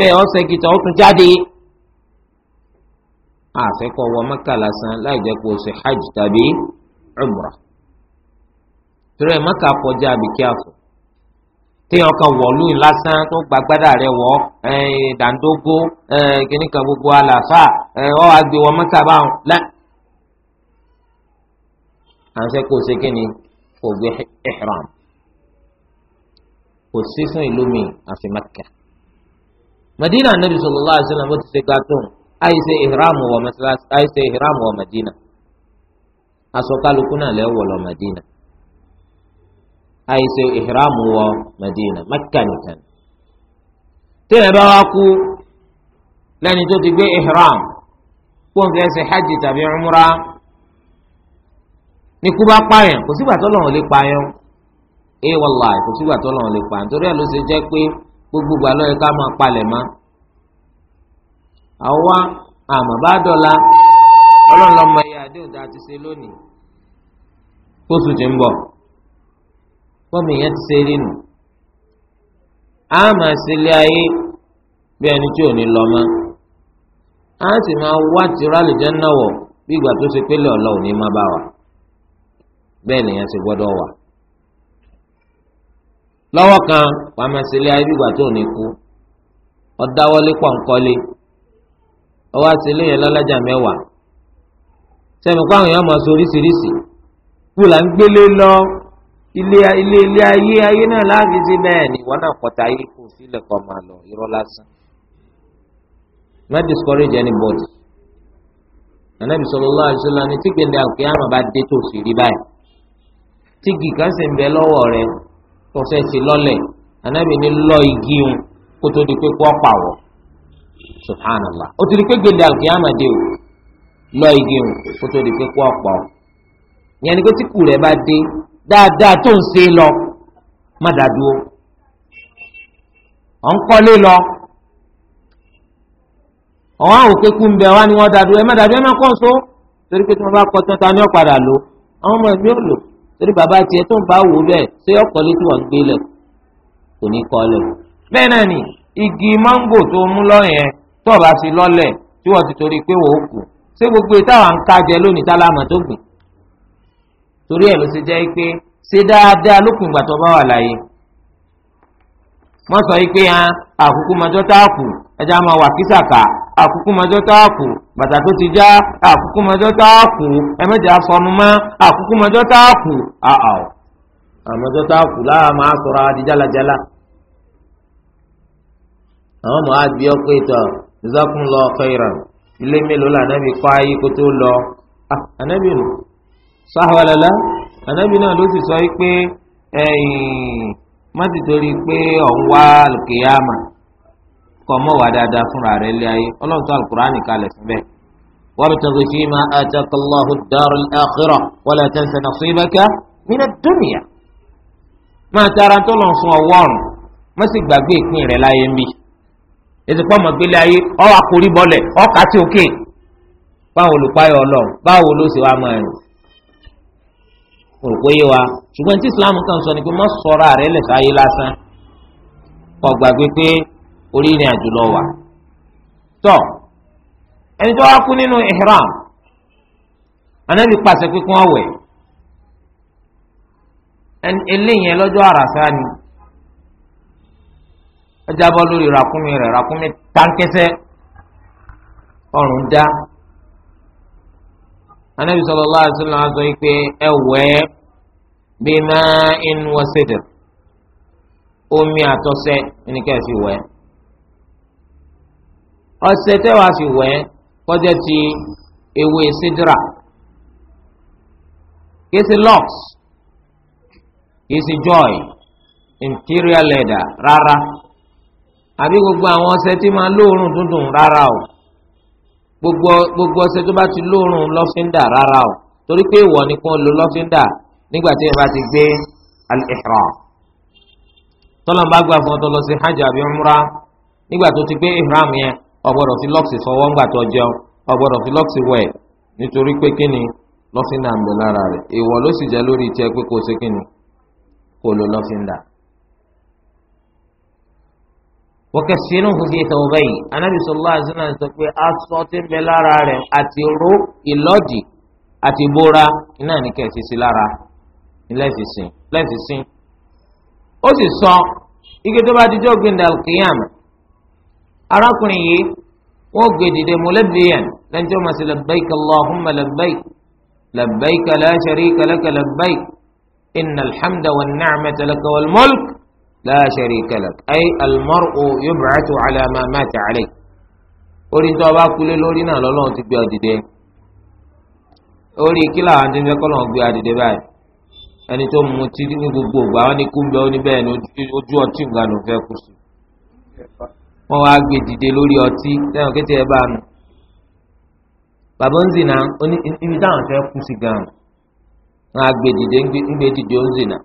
jáde. àfẹ́kọ̀ wọ mẹ́kà lásán láì jẹ́ kó o ṣe hajj tàbí umra. torí ẹ̀ mẹ́kà kọjá àbíkí àfọ̀ téèyàn kan lásán tó rẹ̀ dàńdógó gbogbo àlàfà ọ̀ báwọn. àfẹ́kọ̀ ṣe kò gbé ihram kò sí fún ìlú mi àfi Mẹ́kà Madina anabi sallallahu alaihi wasallam bó ti ṣe ga tó àìṣe ihram wọ mẹsàlásì àìṣe ihram wọ Madina aṣọ kálukú náà lẹ́wọ̀ lọ Madina àìṣe ihram wọ Madina Mẹ́kà nìkan tẹ́lẹ̀ bá wá kú lẹ́ni tó ti gbé ihram kó n fẹ́ hajj tàbí umrah ní kú bá pààyàn kò sígbà tó lọ́wọ́ lè pààyàn ẹ wàláì kò sígbà tó lọ́wọ́ lè pààyàn torí ẹ̀ ló ṣe jẹ́ pé gbogbo gbà lọ́yẹ ká máa palẹ̀ mọ́. àwa àmọ́ bá dọ̀la ọlọ́run lọ́mọ ẹ̀yà àdéhùn tá a ti ṣe lónìí tóṣù tí ń bọ̀ fọ́ọ̀mù yẹn ti ṣe rí nù. a máa ṣe ilé ayé bí ẹni tí ò ní lọ mọ́ a sì máa wá tìrọ àlùjẹ́ náà wọ̀ bí ìgbà tó ṣe pélé ọ̀la ò ní má bá wa bẹ́ẹ̀ nìyẹn ti gbọ́dọ̀ wà. lọ́wọ́ kan wàá máa ṣe ilé ayé bígbà tó ní kú ọ̀dáwọ́lé pọ̀nkọ́lé ọwọ́ àti ilé yẹn lọ́lájà mẹ́wàá sẹ́mi kó àwọn èèyàn máa sọ oríṣiríṣi kú là ń gbélé lọ ilé ilé ayé ayé náà láàfin sí bẹ́ẹ̀ ni wọ́n náà kọ̀tà ayé kù sílẹ̀ kọ́ máa lọ irọ́ lásán má discourage anybody anabi sallallahu alaihi wasallam tí gbèndé àkùkẹ́ àmọ́ bá dé tòsí rí báyìí tí igi kan sì ń bẹ lọ́wọ́ rẹ tó fẹ́ sí lọ́lẹ̀ ànábì ní lọ́ igi hun kó tó di pé kó pàwọ́ subhanallah ó ti di pé gbèndé alkiyama dé o lọ́ igi hun kó tó di pé kó pàwọ́ ìyẹn ni pé tí kù rẹ bá dé dáadáa tó ń ṣe lọ má dàdúró ọ̀ ń kọ́lé lọ ọ̀hún àwọn òkè kún bẹ̀ wá ni wọ́n dàdúró ẹ má dàdúró ẹ má kọ́ so torí pé tí wọ́n bá kọ́ tán ta ni ó padà lò àwọn ọmọ ẹ̀mí ò lò torí bàbá tiẹ̀ tó ń bá wò bẹ́ẹ̀ ṣé ọkọlẹ tí wọ́n gbé lẹ̀ kò ní kọlẹ̀. bẹ́ẹ̀ náà ni igi máńgò tó mú lọ́yẹn tó ọ̀bá fi lọ́lẹ̀ tí wọ́n ti torí pé wọ́n ó kù ṣé gbogbo ìtawà ń kájẹ lónìí tálámà tó gbìn. torí ẹ̀ ló ṣe jẹ́ pé ṣe dáadáa lópin ìgbà tó bá wà láyé. wọ́n sọ yìí pé àkókò mọ́jọ́ tá a kù ẹja máa wà kísàkà àkúkú mọ́jọ́ tó àkù bàtà tó ti já àkúkú mọ́jọ́ tó àkù ẹ̀mẹ́jẹ̀ afọnu mọ́ àkúkú mọ́jọ́ tó àkù àà ọ̀ àmọ́jọ́ tó àkù láà máa sọ̀rọ̀ adi jálajálá. àwọn ọmọ àbí ọkọ ìtọ̀ ìzọ́kùn lọ khairan ilé mélòó la ànábì kọ́ ayé kó tó lọ. Ah, ànábì nù sáhọ́lẹ́lá ànábì náà ló sì sọ pé ẹ̀yìn má ti torí pé ọ̀ wá àlùkìyámà kọ́ mọ́ wà dáadáa fúnra rẹ̀ lé ayé ọlọ́run tó alukur'ani kalẹ̀ síbẹ̀. wabtaghi fima ataka Allahu ad-dara al-akhirah wala tansa nasibaka min ad-dunya. máa tara tó lọ fún ọwọ́run má sì gbàgbé ìpín rẹ̀ láyé ń bì. ètò pọ́ọ̀mọ̀ gbélé ayé ọ̀ wá kórí bọ́lẹ̀ ọ̀ kà tí òkè. báwo ló páyọ̀ ọlọ́run báwo ló sì wá máa rìn. mo rò pé yé wa ṣùgbọ́n tí Islam kan sọ ni pé má sọ̀rọ̀ orílẹ̀ wà tọ ẹni tó wá kú nínú ihram anabi pàṣẹ pé kí wọ́n eléyìí lọ́jọ́ àràsá ni ọjà jábọ́ lórí ràkúnmí rẹ̀ ràkúnmí táńkẹ́sẹ́ ọrùn dá anabi sallallahu alaihi wasallam sọ pé ẹ wẹ̀ bima'in wa sidr omi àtọ̀sẹ̀ wẹ̀ ọṣẹ tẹ́wàá fi wẹ̀ kọjá ti ewé sidra kìí ṣe lux kìí ṣe joy imperial leather rárá àbí gbogbo àwọn ọṣẹ tí máa lóòórùn dúndùn rárá o gbogbo gbogbo ọṣẹ tó bá ti lóòórùn lọ́fíńdà rárá o torí pé ìwọ ni kò lo lọ́fíńdà nígbà tí ẹ bá ti gbé al-ihram tọ́lọ́mbà gbà fún ọ lọ sí hajj àbí umrah nígbà tó ti gbé ihram yẹn ọgbọ́dọ̀ fi lọ́ọ̀sì fọwọ́ ńgbà tó jẹun ọgbọ́dọ̀ fi lọ́ọ̀sì wẹ̀ nítorí pé kíni lọ́fíńdà ń bẹ lára rẹ̀ èèwọ̀ ló sì jẹ́ lórí tiẹ̀ pé kò sí kíni kò lo lọ́fíńdà. wọ́kẹ̀sínú fífi ìtọ̀wọ́ yìí anábì sọlá àzínà sọ pé aṣọ tí ń bẹ lára rẹ̀ àti ró ìlọ́dì àti bóra iná ní kẹ̀sì sí lára lẹ́sìn sìn ó sì sọ ike tó bá dijọ́ gbẹ̀ndàlùkìyàmù arákùnrin yìí wọ́n gbé dìde mọ̀lẹ́bíyàn lẹ́yìn tí wọ́n máa ṣe labbaik allahumma labbaik labbaik la sharika laka labbaik inna alhamda wa ni'mata laka wal mulk la sharika lak ay almar'u yub'athu ala ma mata alayh orí tó o bá kulé lórí náà lọ́lọ́run ti gbé ọ orí kílà àwọn tó ń fẹ́ gbé ọ báyìí ẹni tó mu ní gbogbo ògbà wọn bẹ́ẹ̀ ni ojú ọtí nǹkan ló fẹ́ kú sí wọ́n wá gbé dìde lórí ọtí lẹ́yìn kété ẹ bá nù bàbá ń zìnà ibi táwọn fẹ́ kú sí gan wọ́n á gbé dìde ńgbé dìde ń zìnà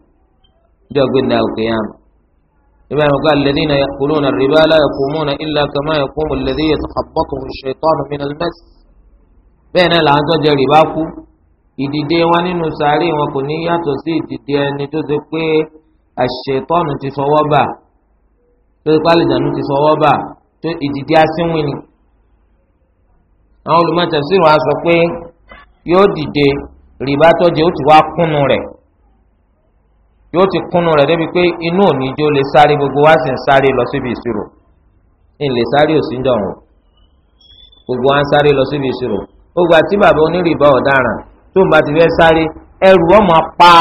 níjọ́ gbé ní àwòké yàn ibà yẹn kó alẹ́dí na kúló na rìbá aláyọ̀ kó mú na ilà kàmá yẹ kó mu lẹ́dí yẹ sọ̀kàbọ̀ kò ṣe tọ́nu mi nàlẹ́ mẹ́sì bẹ́ẹ̀ náà làwọn tó jẹ rìbá kú ìdìde wọn nínú sàárè wọn kò ní yàtọ̀ sí ìdìde ẹni tó ti pé àṣetọ́nu ti fọwọ́ bà lórí pálíjànú ti sọwọ́ bá tó ìdìdí asínwìn ni. àwọn olùmọ̀tẹ̀síwò á sọ pé yóò dìde rìbá tọ́jú ó ti wá kúnnu rẹ̀ yóò ti kúnnu rẹ̀ débi pé inú òníjó lè sáré gbogbo wá sì ń sáré lọ síbi ìṣirò ìlè sáré òsì ń dọ̀rùn gbogbo wá ń sáré lọ síbi ìṣirò gbogbo àti bàbá onírìbá ọ̀daràn tó ń bá ti fẹ́ sáré ẹrù ọmọ pa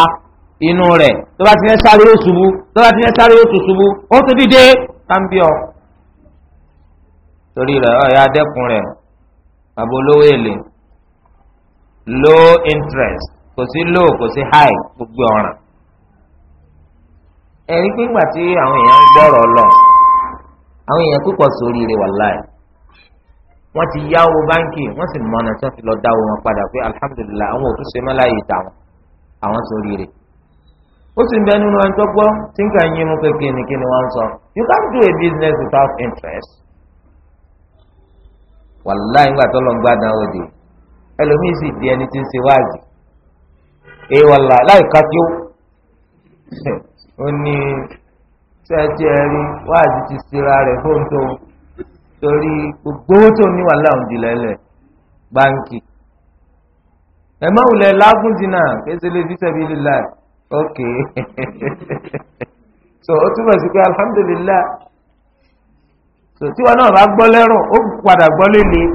inú rẹ̀ tó bá ti fẹ́ sáré yóò ṣubú tó bá ti fẹ́ sáré yóò tún ṣubú ó tún dìde kámbíọ̀ torí rẹ̀ ọ̀yà adẹ́kùn rẹ̀ bàbá olówó èlé low interest kò sí low kò sí high gbogbo ọ̀ràn ẹ̀rí pé ńgbà tí àwọn èèyàn ń gbọ́rọ̀ lọ àwọn èèyàn púpọ̀ sórí rẹ̀ wàláì wọ́n ti yáwó báńkì wọ́n sì mọ̀nà tí wọ́n fi lọ dáwó wọn padà pé alihamudulilayi àwọn òtún ṣe mọ́ láàyè ìta wọn àwọn sórí rẹ̀ ó sì ń bẹ nínú ẹni tó gbọ́ tí ń kà ń yinú pé kíni kíni wọ́n ń sọ you can't do a business without interest. wàláì ńgbà tó lọ ń gbádùn àwọn òde ẹlòmíì sì di ẹni tí ń ṣe wáàzì èyí wàlá láì ká tí ó [laughs] ó ní sẹ́ẹ̀tì ẹ̀rí wáàzì ti sira rẹ̀ fóun tó torí gbogbo owó tó ní wàhálà òun jìlẹ̀lẹ̀ báńkì ẹ̀ máa wulẹ̀ lágùn dínà kí ẹ ṣe lè fi sẹ́bi lílà ẹ̀ ok [laughs] so ó túmọ̀ sí pé alhamdulillah so tiwa náà bá gbọ́ lẹ́rùn ó padà gbọ́ lélẹ̀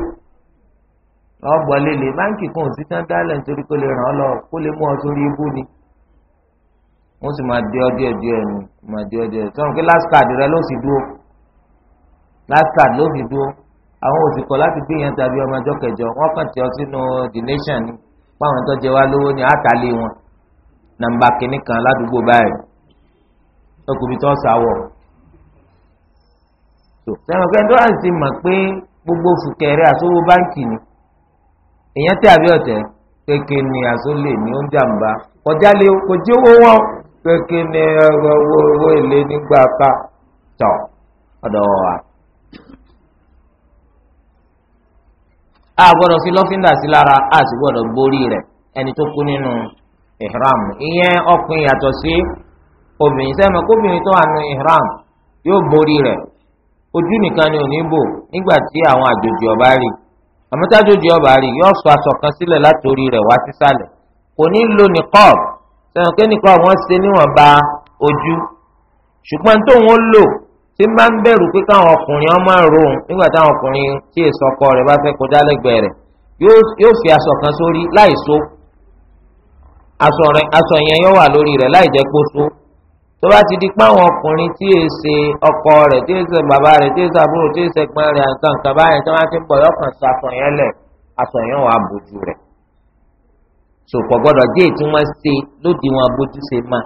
ọ gbọ́ lélẹ̀ báńkì kan ò sí tán dálẹ̀ nítorí kó lè ràn ọ́ lọ kó lè mú ọ sórí ibú ni wọ́n sì máa di ọ díẹ̀ díẹ̀ máa di ọ díẹ̀ sọ̀rọ̀ pé last card rẹ ló sì dúró last card ló sì dúró àwọn òsì kọ̀ láti gbé yẹn tàbí ọmọ ọjọ́ kẹjọ wọ́n kàn tí ọ sínú the nation ni báwọn tó jẹ wá lówó ni àtàlé wọn nàmbà kìnnì kan ládùúgbò báyìí ọkùnrin tó sáwọ̀ sẹ́wọ̀n pé ẹ̀dọ́ àti mọ̀ pé gbogbo fùkẹ̀rẹ́ àsówó báǹkì ni èèyàn tẹ àbí ọ̀tẹ̀ kéèké ni àsólè ni ó ń jàǹbá kọjá lé kò jí owó wọn kéèké ni owó owó èlé nígbà ká tọ̀ ọ̀dọ̀ wa. a gbọ́dọ̀ fi lọ́fíńdà sí lára a sì gbọ́dọ̀ borí rẹ̀ ẹni tó kú nínú ihram ìyẹn ọkùnrin yàtọ̀ sí obìnrin sẹ́mi kóbìnrin tó wà nù ihram yóò borí rẹ̀ ojú nìkan ni òní bò nígbà tí àwọn àjòjì ọba rí àmọ́tájòjì ọba rí yóò sọ aṣọ kan sílẹ̀ látòrí rẹ̀ wá sísàlẹ̀ kò ní lo nìkọ́ọ̀b sẹ́yìn pé nìkọ́ọ̀b wọ́n ṣe níwọ̀nba ojú ṣùgbọ́n tó ń lò tí máa ń bẹ̀rù pé káwọn ọkùnrin ọmọ ròhùn nígbà táwọn ọkùnrin tí èso ọkọ rẹ̀ bá fẹ́ kọjá lẹ́gbẹ̀ẹ́ rẹ̀ yóò fi aṣọ kan sórí láìsó aṣọ yẹn yọ wà lórí rẹ̀ láì jẹ́ kó tó tó bá ti di pé àwọn ọkùnrin tí è ṣe ọkọ rẹ̀ tí è ṣe bàbá rẹ̀ tí è ṣe àbúrò tí è ṣe ẹ̀gbọ́n rẹ̀ àǹkan nǹkan báyẹn tí wọ́n ti ń bọ̀ yọkàn sí aṣọ yẹn lẹ̀ aṣọ yẹn wà bójú rẹ̀ sòpọ̀ gbọ́dọ̀ díẹ̀ tí wọ́n ṣe lódì wọn bójú ṣe má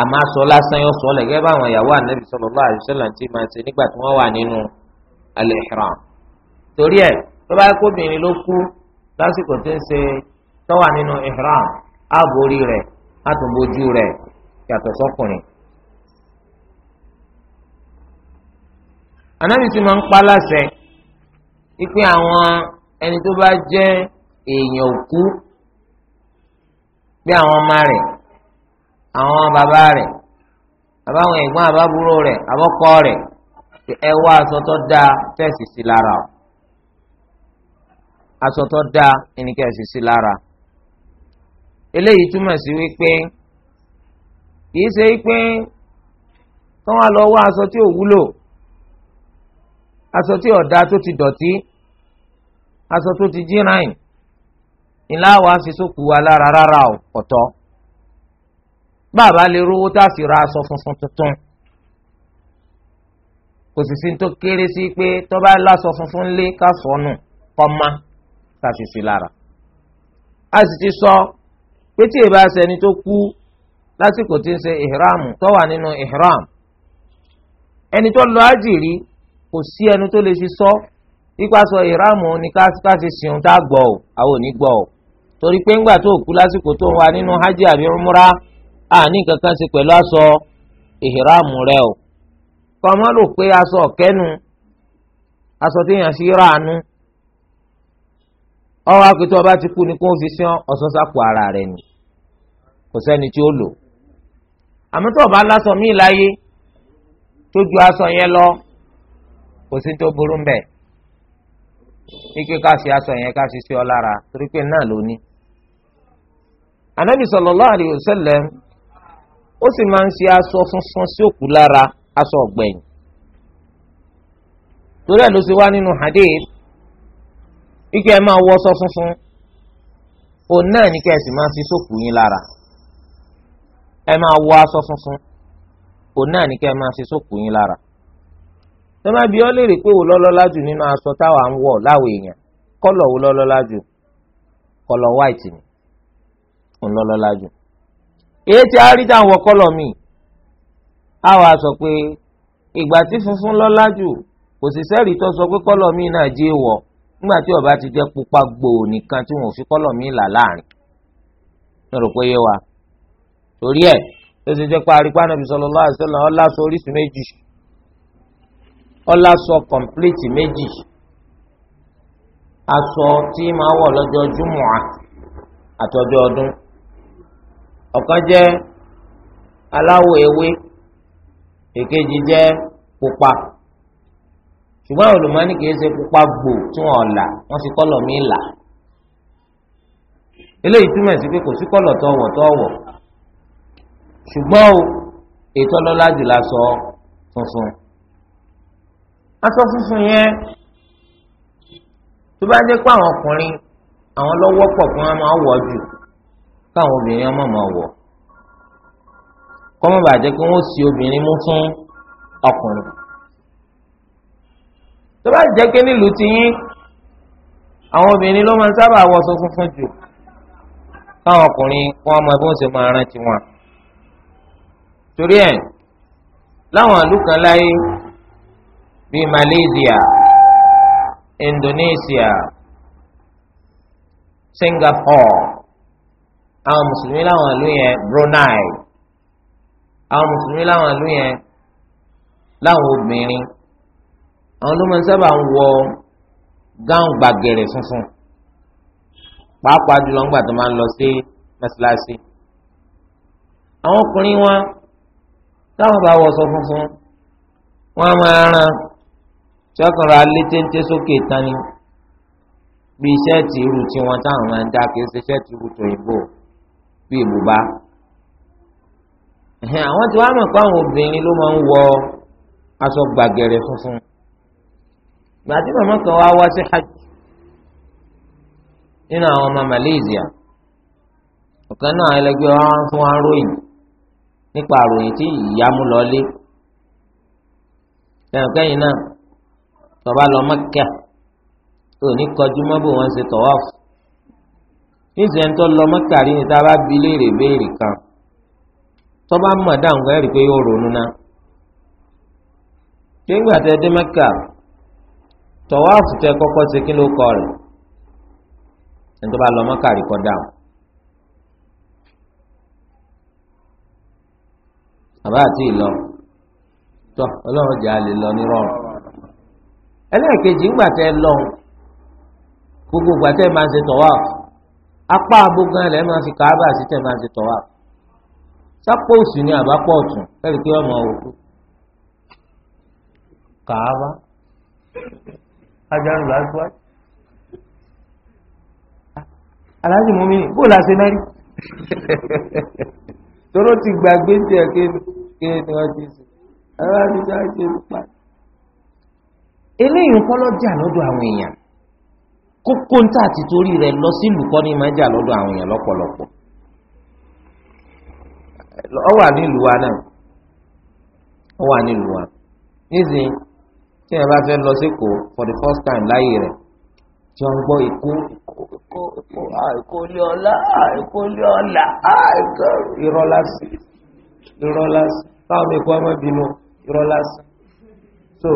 àmọ́ aṣọ lásán yọ sọ lẹ̀ gẹ́gẹ́ báwọn ìyàwó ànábì sallallahu alaihi wasallam tí máa ṣe nígbà tí wọ́n wà nínú al-ihram torí ẹ̀ tó bá kóbìnrin ló kú lásìkò tí ń ṣe tó wà nínú ihram àbórí rẹ̀ àtúnbójú rẹ̀ yàtọ̀ sọ́kùnrin. ànábì sì máa ń pa láṣẹ wípé àwọn ẹni tó bá jẹ́ èèyàn òkú bí àwọn ọmọ rẹ̀ àwọn bàbá rẹ̀ àbáwọn ẹ̀gbọ́n àbábúrò rẹ̀ àbọ́kọ rẹ̀ ẹ wá aṣọ tó dáa tẹ̀sí sí lára aṣọ tó dáa ẹnikẹ́ sí lára eléyìí túmọ̀ sí wípé kìí ṣe wípé tó wá lọ wá aṣọ tí ò wúlò aṣọ tí ọ̀dà tó ti dọ̀tí aṣọ tó ti jíraìn ńlá wa fi sókù wa lára rárá ọ̀tọ̀ bàbá lè rówó tá a sì ra aṣọ funfun tuntun kò sì sí tó kéré sí pé tó bá funfun lé ká sọnù kọ́ ma ká fi sí lára a sì ti sọ. So, pé tí ìbá sẹni tó kú lásìkò tí ń ṣe ìhìrámù tó wà nínú ìhìrámù ẹni tó lọ àjìrí kò sí ẹnu tó lè fi sọ ipa sọ ìhìrámù ni káṣíkáṣí sìn tá gbọ́ ọ àwọn ò ní gbọ́ ọ torí pé ńgbà tó kú lásìkò tó wà nínú hajj àbí umra àní kankan ṣe pẹ̀lú aṣọ ìhìrámù rẹ o kọ́mọ́ rò pé aṣọ ọ̀kẹ́nu aṣọ tí yàn sí rà ánú ọwọ́ akitọ́ ọba ti kú ni kó fi sán ọ̀sán sápò ara rẹ̀ ni kò sẹ́ni tí ó lò àmọ́ tó ọba lásọ míì láyé tó ju aṣọ yẹn lọ kò sí tó burú mbẹ ike ká fi aṣọ yẹn ká fi sí ọ lára torí pé náà ló ní. Ànábì sallallahu alaihi wasallam ó sì máa ń ṣe aṣọ funfun sí òkú lára aṣọ ọ̀gbẹ̀yìn torí ẹ̀ ló ṣe wá nínú hadith. ike ẹ máa wọṣọ funfun o náà nike kẹsì máa fi sóòkù yín lára ẹ máa wọ aṣọ funfun o náà ní kẹ máa fi sóòkù yín lára tó máa bí ọ léèrè pé wò lọ́lọ́lá jù nínú aṣọ táwa ń wọ̀ a rí sọ pé ìgbà funfun lọ́lá jù kò sọ pé kọ́lọ̀ mi náà jẹ́ nígbà tí ọba ti jẹ́ pupa gbòò nìkan tí wọn ò fi kọ́lọ̀ mí là láàrin ní rò pé yé wa torí ẹ̀ tó ṣe jẹ́ pé arípa nàbì sallallahu alaihi wasallam ọlá sọ orísun méjì ọlá sọ kọ̀ǹpìlìtì méjì aṣọ tí máa wọ̀ lọ́jọ́ júmọ̀á àtọ́jọ́ ọdún ọ̀kan jẹ́ aláwọ̀ ewé èkejì jẹ́ pupa ṣùgbọ́n àwọn olùmọ́ni kì í ṣe pupa gbò tí wọ́n là wọ́n fi kọ́lọ̀ mi là eléyìí túmọ̀ sí pé kò sí kọ́lọ̀ tọ̀wọ̀ tọ̀wọ̀ ṣùgbọ́n o ètò ọlọ́lá jù lásọ funfun aṣọ funfun yẹn tó bá jẹ́ pé àwọn ọkùnrin àwọn lọ́wọ́ pọ̀ fún wọn máa wọ̀ jù káwọn obìnrin ọmọ máa wọ̀ kọ́mọ́ bàjẹ́ pé wọ́n sì obìnrin mú fún ọkùnrin tó bá jẹ́ pé nílùú ti yín àwọn obìnrin ló máa ń sábà wọṣọ funfun jù káwọn ọkùnrin wọn mọ ẹbí wọn sì máa rántí wọn. torí ẹ̀ láwọn ìlú kan láyé bíi Malaysia Indonesia Singapore àwọn mùsùlùmí láwọn ìlú yẹn Brunei àwọn mùsùlùmí láwọn ìlú yẹn láwọn obìnrin àwọn ló máa ń sábà ń wọ gáwọn gbàgẹ̀rẹ̀ funfun pàápàá jùlọ ńgbà tó máa ń lọ sí mẹsàlásì àwọn ọkùnrin wọn táwọn bá wọṣọ funfun wọn máa rán tíọkànlá létéńté sókè tani bí ṣẹ́ẹ̀tì irú tiwọn táwọn máa ń dá kí ṣe ṣẹ́ẹ̀tì irú tòyìnbó bí ìbùbá àwọn tí wàá mọ̀ pé àwọn obìnrin ló máa ń wọ aṣọ gbàgẹ̀rẹ̀ funfun gbàtí màmá kan wá wá sí hajj nínú àwọn ọmọ Malaysia ọ̀kan náà ẹlẹgbẹ́ wa ń fún wa ròyìn nípa àròyìn tí ìyá mú lọlé ẹ̀rọ kẹ́yìn náà tọ́ba lọ Mẹ́kà ò ní kọjú mọ́ bó wọ́n ṣe tọ́wọ́fù níṣẹ́ ń tọ́ lọ Mẹ́kà rí ni tá a léèrè béèrè kan tọ́ba mọ̀ dáhùn kan ẹ̀rí pé yóò ronú náà. ṣé ń gbà tẹ́ dé Mẹ́kà tọ̀wáàfù tẹ kọ́kọ́ ṣe kí ló kọ rẹ̀ ẹni tó bá lọ mọ́kàrí kọ́ dáhùn. àbá àti ìlọ tọ ọlọ́run jẹ́ àlè lọ nírọ̀rùn. ẹlẹ́ẹ̀kejì ńgbà tẹ lọ gbogbo ìgbà tẹ máa ń ṣe tọ̀wáàfù apá gbogbo ẹ̀ lẹ́ẹ̀ máa fi kàábà sí tẹ máa ń ṣe tọ̀wáàfù. sápò òsì ni àbá ọ̀tún fẹ́ẹ́ ọmọ òkú kàábà. ajaru lásìwájú. aláàjì mú mi bó la ṣe náà rí tóró ti gbàgbé tiẹ̀ kéde kéde wọ́n ti sùn ẹ̀rọ àti sáàjì ló pa. eléyìí ń lọ sílùú kọ́ ni máa jà lọ́dọ̀ àwọn èèyàn lọ́pọ̀lọpọ̀ ọ wa náà ọ wà nílùú wa nísìnyí tí ẹ bá fẹ́ lọ sí kò for the first time láyé rẹ̀ tí wọ́n gbọ́ ikú ikú ikú ikú lé ọlá ikú lé ọlá ikú irọ́ lásì irọ́ lásì báwọn mi kọ́ ọmọ bínú irọ́ lásì. so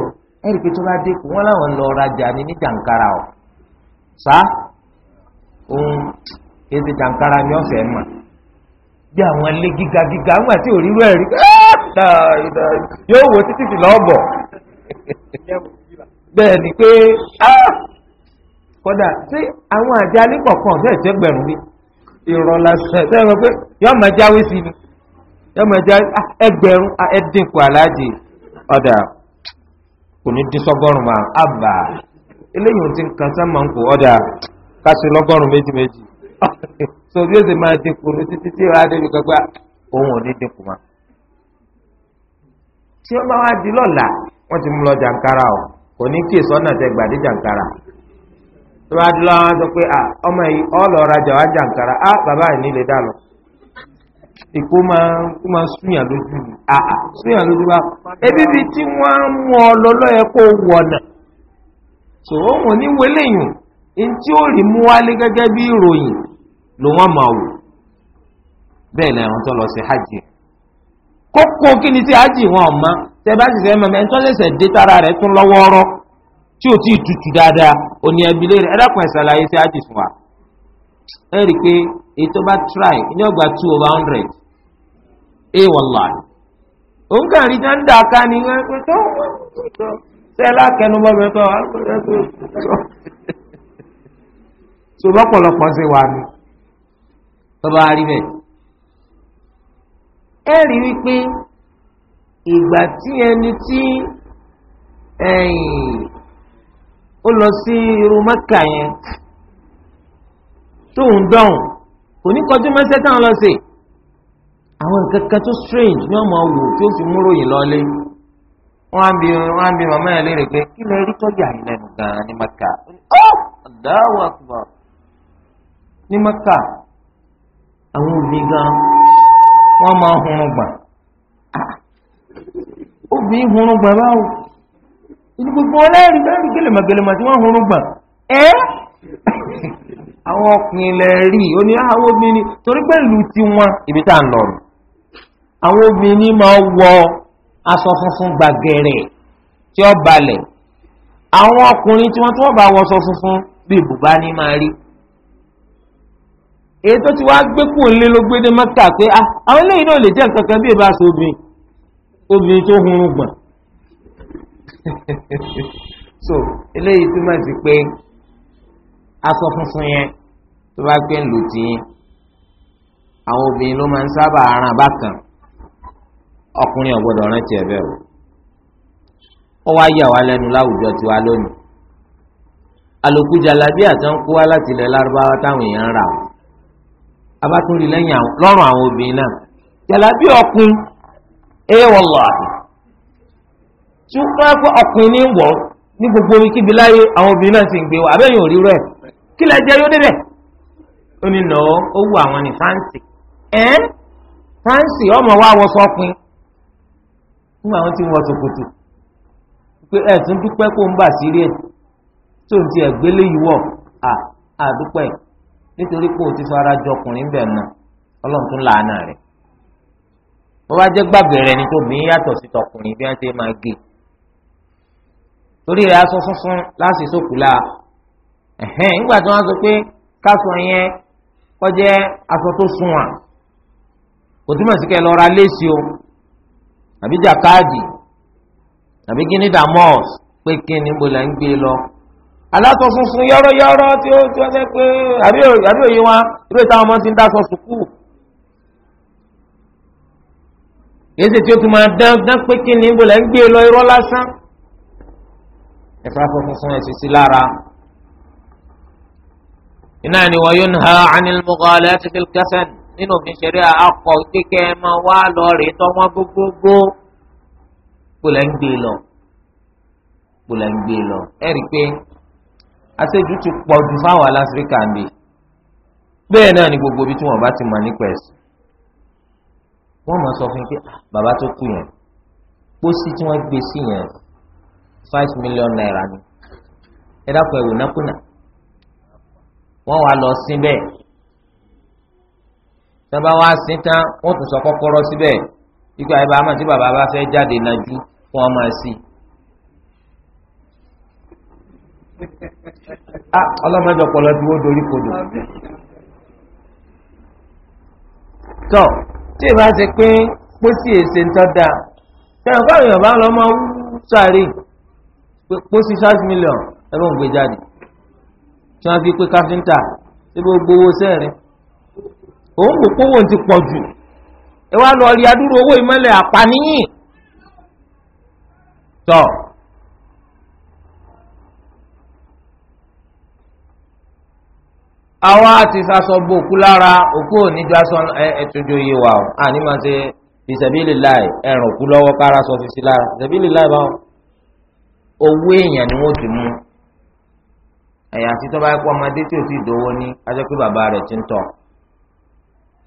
ẹ̀rì pé tó bá dé kù wọ́n láwọn lọ rajà ní ní jàǹkàrà ọ̀ sá òun kìí ṣe jàǹkàrà ni ọ̀fẹ́ mà bí àwọn ilé gíga gíga ńgbà tí ò rírú ẹ̀rí yóò wò títí fi lọ́ọ̀bọ̀ bẹ́ẹ̀ ni pé ah! kódà sí àwọn àjálù kọ̀ọ̀kan ọ̀sẹ̀ ìjẹ́gbẹ̀rún ni ìrọ̀ lásán ṣe é rọ pé yọ́n máa jáwé sí ni yọ́n máa já ah, ẹgbẹ̀rún ah, ẹ̀dínkù aláàjì ọ̀dà kò ní dín sọ́gọ́rùn máa àbà eléyìí ohun tí ń kan sáà máa ń kó ọ̀dà káṣí lọ́gọ́rùn méjì méjì [laughs] so bí ó sì máa dín kù ní títí tí ìwà débi kankan òun ò ní dín kù máa. tí ó bá wá di lọ́la wọ́n ti mú lọ jàǹkárà o kò ní kí sọ́nà ọ̀nà tẹ dé jàǹkárà tó bá dúró àwọn sọ pé à ọmọ yìí ọlọ rajà wá jàǹkárà á bàbá yìí nílé dà lọ ìkó máa kó máa súnyàn lójú àà súnyàn lójú bá ebi tí wọ́n mú ọ lọ lọ́yẹ kó wọ̀nà tó òun ní wẹlẹ́yìn ntí ó rí mú wálé gẹ́gẹ́ ló kókó kí ni sí àjì wọn ọ̀ma tẹ bá sì sẹ́yìn mọ̀mọ́ ẹ̀ńtọ́ lẹ́sẹ̀ dé tára rẹ̀ tún lọ́wọ́ ọ̀rọ̀ tí ò tí ì tutù dáadáa òní ẹbí léèrè ẹ̀dàkùn ẹ̀sẹ̀ àlàyé sí àjì fún wa. ẹ rí i pé èyí bá try ní ọgbà two over hundred ẹ wọ̀lá òun kàn rí jẹ́ ń dà ká ni sẹ́lá kẹnubọ́ mi tọ́ ṣùgbọ́n [laughs] pọ̀lọpọ̀ ṣe wà ní tọ́ba arí bẹ́ẹ̀ ẹ rí wípé ìgbà tí ẹni tí ó lọ sí irú mẹ́kà yẹn tóun dọ̀hùn kò ní kọjú mẹ́sẹ̀ táwọn lọ sí àwọn nǹkan kan tó strange ní ọmọ wò tí ó fi mú ròyìn lọlé wọn á bi wọn á bi màmá yẹn léèrè pé kí lè rí tọ́jú àyìn lẹ́nu gan-an ní mẹ́kà ọ̀dáwọ̀ àkùbọ̀ ní mẹ́kà àwọn òbí gan-an wọ́n máa hunrun gbà obìnrin ah, hunrun gbà báwo ìlú gbogbo ọlẹ́rìí lẹ́rìí gẹlẹ́mọ̀gẹlẹ́mọ̀ tí wọ́n hunrun gbà ẹ́ àwọn ọkùnrin lẹ rí i ó ní ah, àwọn obìnrin torí pé ìlú tiwọn ibi tá à ń lọ rù àwọn obìnrin máa wọ aṣọ funfun gbàgẹ̀rẹ̀ tí ó balẹ̀ àwọn ọkùnrin tí wọ́n tí wọ́n bá wọ aṣọ funfun bíi bùbá ní máa rí èyí tó ti wá gbé kù ńlé ló gbé dé mọ́tà pé ah, àwọn eléyìí náà lè jẹ́ nǹkan kan bí ìbáṣe obìnrin obìnrin tó hun gbọ̀n [laughs] so eléyìí túmọ̀ sí pé aṣọ funfun yẹn tó bá gbé ńlò tìyẹn àwọn obìnrin ló máa ń sábà aràn bákan ọkùnrin ò rántí ẹ̀ bẹ́ẹ̀ o ó wá yà wá lẹ́nu láwùjọ tiwa lónìí àlòkù jàlábí àtàǹkú wá láti ilẹ̀ lárúbáwá táwọn èèyàn ń rà o abátúndì lẹ́yìn lọ́rùn àwọn obìnrin náà jàlábí ọkùn ẹ eh, wàláhì tí wọ́n pẹ́ ọkùn ní ní gbogbo omi láyé àwọn obìnrin náà sì ń gbé wa abẹ́yìn òrí rẹ̀ kí lẹ jẹ́ yóò débẹ̀ ó ní ó wù àwọn ní fáǹsì fáǹsì ọmọ wa wọ sọpin fún àwọn tí pé tún ti nítorí pé o ti fara jọ ọkùnrin bẹ̀ mọ́ ọlọ́run tún làánà rẹ̀ bó bá jẹ́ gbàgbẹ̀rẹ̀ ni tóbi yàtọ̀ sí tọkùnrin bí wọ́n ṣe máa gé torí rẹ̀ aṣọ funfun láti sókùlà ẹ̀hẹ́n nígbà tí wọ́n sọ pé káṣọ yẹn kọjẹ́ aṣọ tó sunwọ̀n kò túmọ̀ sí kẹ́ lọ́ra léèsì o àbí jàkáàdì àbí gínídà mọ́ọ̀sì pé kí ni mo là ń gbé lọ aláṣọ funfun yọ́rọ́yọ́rọ́ tí ó tí ó fẹ́ pé àbí òye wọn ìlú ìtàwọn ọmọ ti ń dáṣọ sùkúù yéésì tí ó tún máa dán dán pé kí ni ibo lẹ́ ń gbé lọ irọ́ lásán ẹ̀fọ́ afọ funfun ẹ̀ sì sí lára iná ni wọ́n yóò ha anil mughalati fil kasan nínú òfin ṣẹ̀rí àkọ́ kíkẹ́ ẹ máa wá lọ rèé tọ́wọ́ gbogbogbò kó lẹ́ ń gbé lọ kó lẹ́ ń gbé lọ ẹ̀rí pé àṣejù ti pọ̀ jù fáwọn aláfíríkà ń bì bẹ́ẹ̀ náà ni gbogbo ibi tí wọ́n bá ti mọ̀ nípa ẹ̀sìn wọ́n máa sọ fún pé ah, bàbá tó kú yẹn pósí tí wọ́n gbé sí yẹn five million naira ni ẹ dákun ẹ wò nákúnà wọ́n wá lọ sí bẹ́ẹ̀ sábà wá sí tán wọ́n tún sọ kọ́kọ́rọ́ síbẹ̀ ikú àyíbá àmọ́ tí bàbá bá fẹ́ jáde náà ju kó wọ́n Ah, ọlọ́mọdé ọpọlọ tí wọ́n dorí kodò tọ́ tí ìbá ṣe pé pósí èsè ń tọ́da tẹ̀wọ̀n fáwọn èèyàn bá lọ́mọ sáré pósí five million ẹ̀rọ ń gbé jáde tí wọ́n fi pé káfíńtà tí gbogbo owó sẹ́ẹ̀rin òun kò kówó ti pọ̀ jù ẹ wá lọ rí adúrú owó ìmọ̀lẹ̀ àpàníyìn tọ́. So, àwa ti sasọ bo òkú lára òkú òní ju aṣọ ẹtúnjú yìí wà ó àní máa ṣe ìṣẹ̀bílì láì ẹ̀rùn òkú lọ́wọ́ kára sọ fífi lára ìṣẹ̀bílì láì báwọn owó èèyàn ni wọ́n ti mú ẹ̀yà àti tọ́ba ẹ̀kọ́ ọmọdé tí ò ti dòwó ní ajọ́ pé bàbá rẹ̀ ti ń tọ̀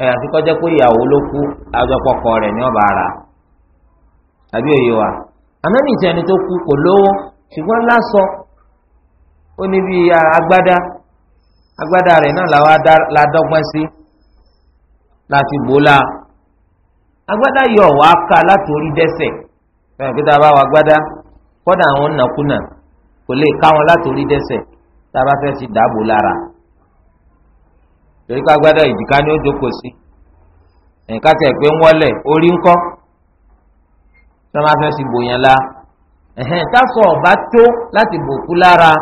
ẹ̀yà àti kọjá pé ìyàwó ló kú ajọ́ pọkọ rẹ̀ ní ọ̀bà ara àbí òye wa àmọ́ni ìtẹ́ni tó kú kò lówó ṣùgbọ́n lásọ ó ní bí agbádá agbádá rẹ̀ náà la dọ́gbọ́n sí láti bò la agbádá yọ wá ká látòrí dẹ́sẹ̀ fẹ́ràn pé tá a bá wa agbádá kọ́dà àwọn nàkúnà kò lè ká wọn látòrí dẹ́sẹ̀ tá a bá fẹ́ ti dàbò lára torí ká agbádá ìjìká ni ó jókòó sí ẹ̀ka tẹ̀ pé ń wọlé orí ńkọ́ tí wọ́n bá fẹ́ ti bò yẹn la ẹ̀hẹ́n tá a sọ ọ̀bá tó láti bòkú lára.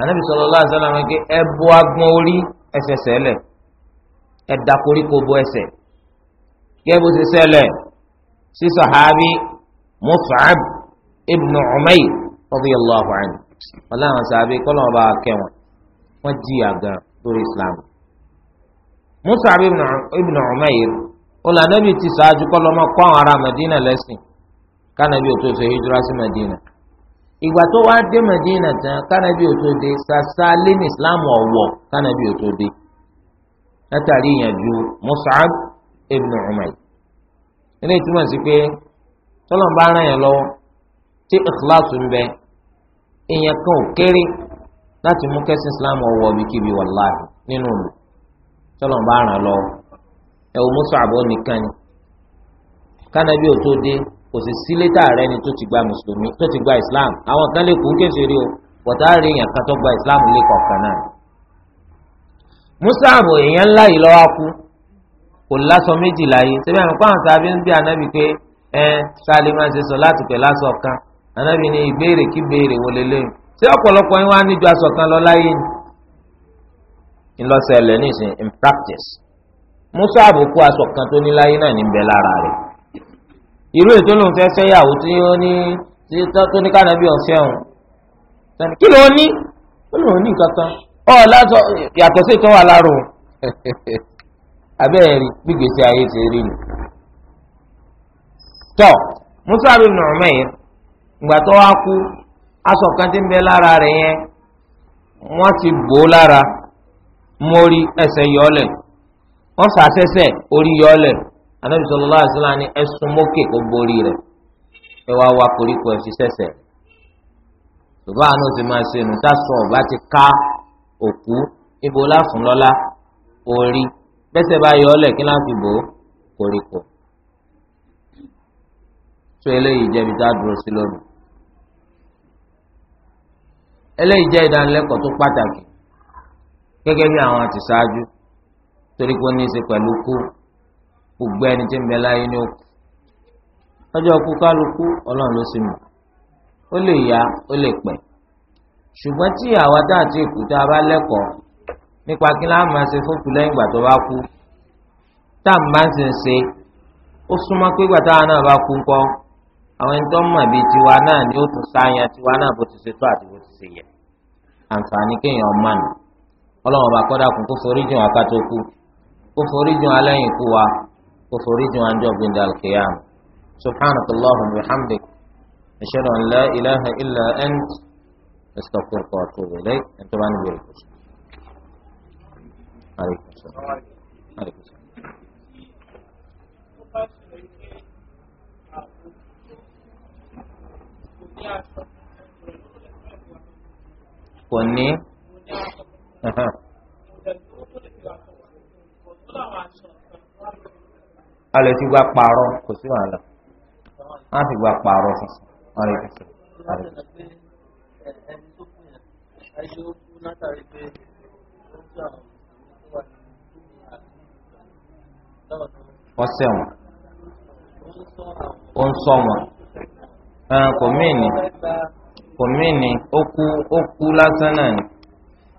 anabi sọlọ lọ àṣà làwọn ké ẹ bọ agbọn orí ẹsẹ̀ sẹlẹ ẹ da koríko bọ ẹsẹ̀ kẹ bó ṣe sẹlẹ sí sàhábì Mus'ab ọba kẹwọn wọn jí àga lórí Islam Mus'ab ibn Umayr ọlọ anabi ti sàájú kọlọn ọmọ kọ àwọn ará Madina lẹ́sìn kánàbí ò tó ṣe sí Madina. ìgbà tó wá dé Madina tán kánábì ò tó dé sàṣà lẹ́nu Islam ọ̀wọ̀ kánábì ò tó dé látàrí ìyànjú Mus'ab ibn Umayr ilé ìtumọ̀ sí pé tọ́lọ̀ bá ràn yẹn lọ́wọ́ tí ìkìláàsù ń bẹ èèyàn kan ò kéré láti mú kẹ́sìn Islam ọ̀wọ̀ bíkíbi wàláhì nínú ìlú tọ́lọ̀ bá ràn lọ́wọ́ ẹ̀ wò Mus'ab nìkan ni kánábì ò tó dé kò sì sí létà rẹ ni tó ti gba mùsùlùmí tó ti gba islam àwọn kan lè kún kéferì o pọ̀tà rí èèyàn kan tó gba islam lé kọ̀ọ̀kan náà. musaabu èèyàn ńlá yìí lọ́wọ́ kú kò lásọ méjì láyé síbẹ̀ àwọn kan sábẹ́ ń bí anábì pé ẹ sáàlì máa ṣe sọ láti pẹ̀ lásọ kan anábì ní ìbéèrè kí béèrè wọlé lẹ́yìn ṣé ọ̀pọ̀lọpọ̀ yín wá níjọ aṣọ kan lọ láyé ni ńlọsẹ̀ lẹ́ nísìn in practice musaabu kú aṣọ kan tó ní láyé náà ní bẹ lára rẹ̀ irú ètò lòun fẹ́ fẹ́yàwó tí ó ní tí tó ní kánàbí ọ̀sẹ̀ ọ̀hún sani kí ló ní ó lòun ní nǹkan kan ọ lásọ yàtọ̀ sí ìtọ́wà lárò [laughs] abẹ́rẹ́ gbígbèsè ayé ti rí ni. tọ́ musa bin Umair ìgbà tó wá kú aṣọ kan tí ń bẹ lára rẹ̀ yẹn wọ́n ti bò ó lára mórí ẹsẹ̀ yọ̀ọ́lẹ̀ wọ́n fà á sẹ́sẹ̀ orí yọ̀ọ́lẹ̀ anabi sallallahu alaihi wasallam ni ẹsùn mókè kó borí rẹ̀ ẹ wá wá koríko ẹ fi sẹsẹ bàbá àánú ti máa ṣe nù tásùn ọba ti ká òkú ibo láfún lọ́lá orí bẹ́sẹ̀ bá yọ ọlẹ̀ kí láti bò ó koríko tó eléyìí jẹ́ tá a dúró sí lónìí eléyìí jẹ́ ìdánilẹ́kọ̀ọ́ tó pàtàkì gẹ́gẹ́ bí àwọn àti ṣáájú torí pé ó ní í ṣe pẹ̀lú kú gbogbo ẹni tí ń bẹ láyé ní òkú lọ́jọ́ kú kálukú ọlọ́run ló sì mọ̀ ó lè yá ó lè pẹ́ ṣùgbọ́n tí àwa dá àti èkú tá a bá lẹ́kọ̀ọ́ nípa kí láà máa ṣe fókù lẹ́yìn ìgbà tó bá kú tá a máa ń ṣe ń ṣe ó súnmọ́ pé ìgbà táwa náà bá kú ńkọ́ àwọn ẹni tó mọ̀ bíi tiwa náà ni ó tún sáyà tiwa náà bó ti ṣe tó àti bó ti ṣe yẹ àǹfààní kéèyàn ọmọ nù ọlọ́run ọba kọ́dà kún kó forí jìn wá ká tó kú kó forí jìn wá lẹ́yìn wa. kó forí jìn wájú ọ̀gbìn dàlkìyàm subhanak allahumma wa bihamdik ashhadu an la ilaha illa ant astaghfiruka wa atubu ilayk ẹni tó bá ní ìbéèrè kùsùn. عليكم السلام عليكم السلام kò ní. a lè fi gba pààrọ̀ kò sí wàhálà a fi gba pààrọ̀ sísun wọn lè fi sùn. wọ́n sẹ́wọ̀n ó ń sọ wọn kò míìnì kò míìnì ó kú ó kú lásán náà ni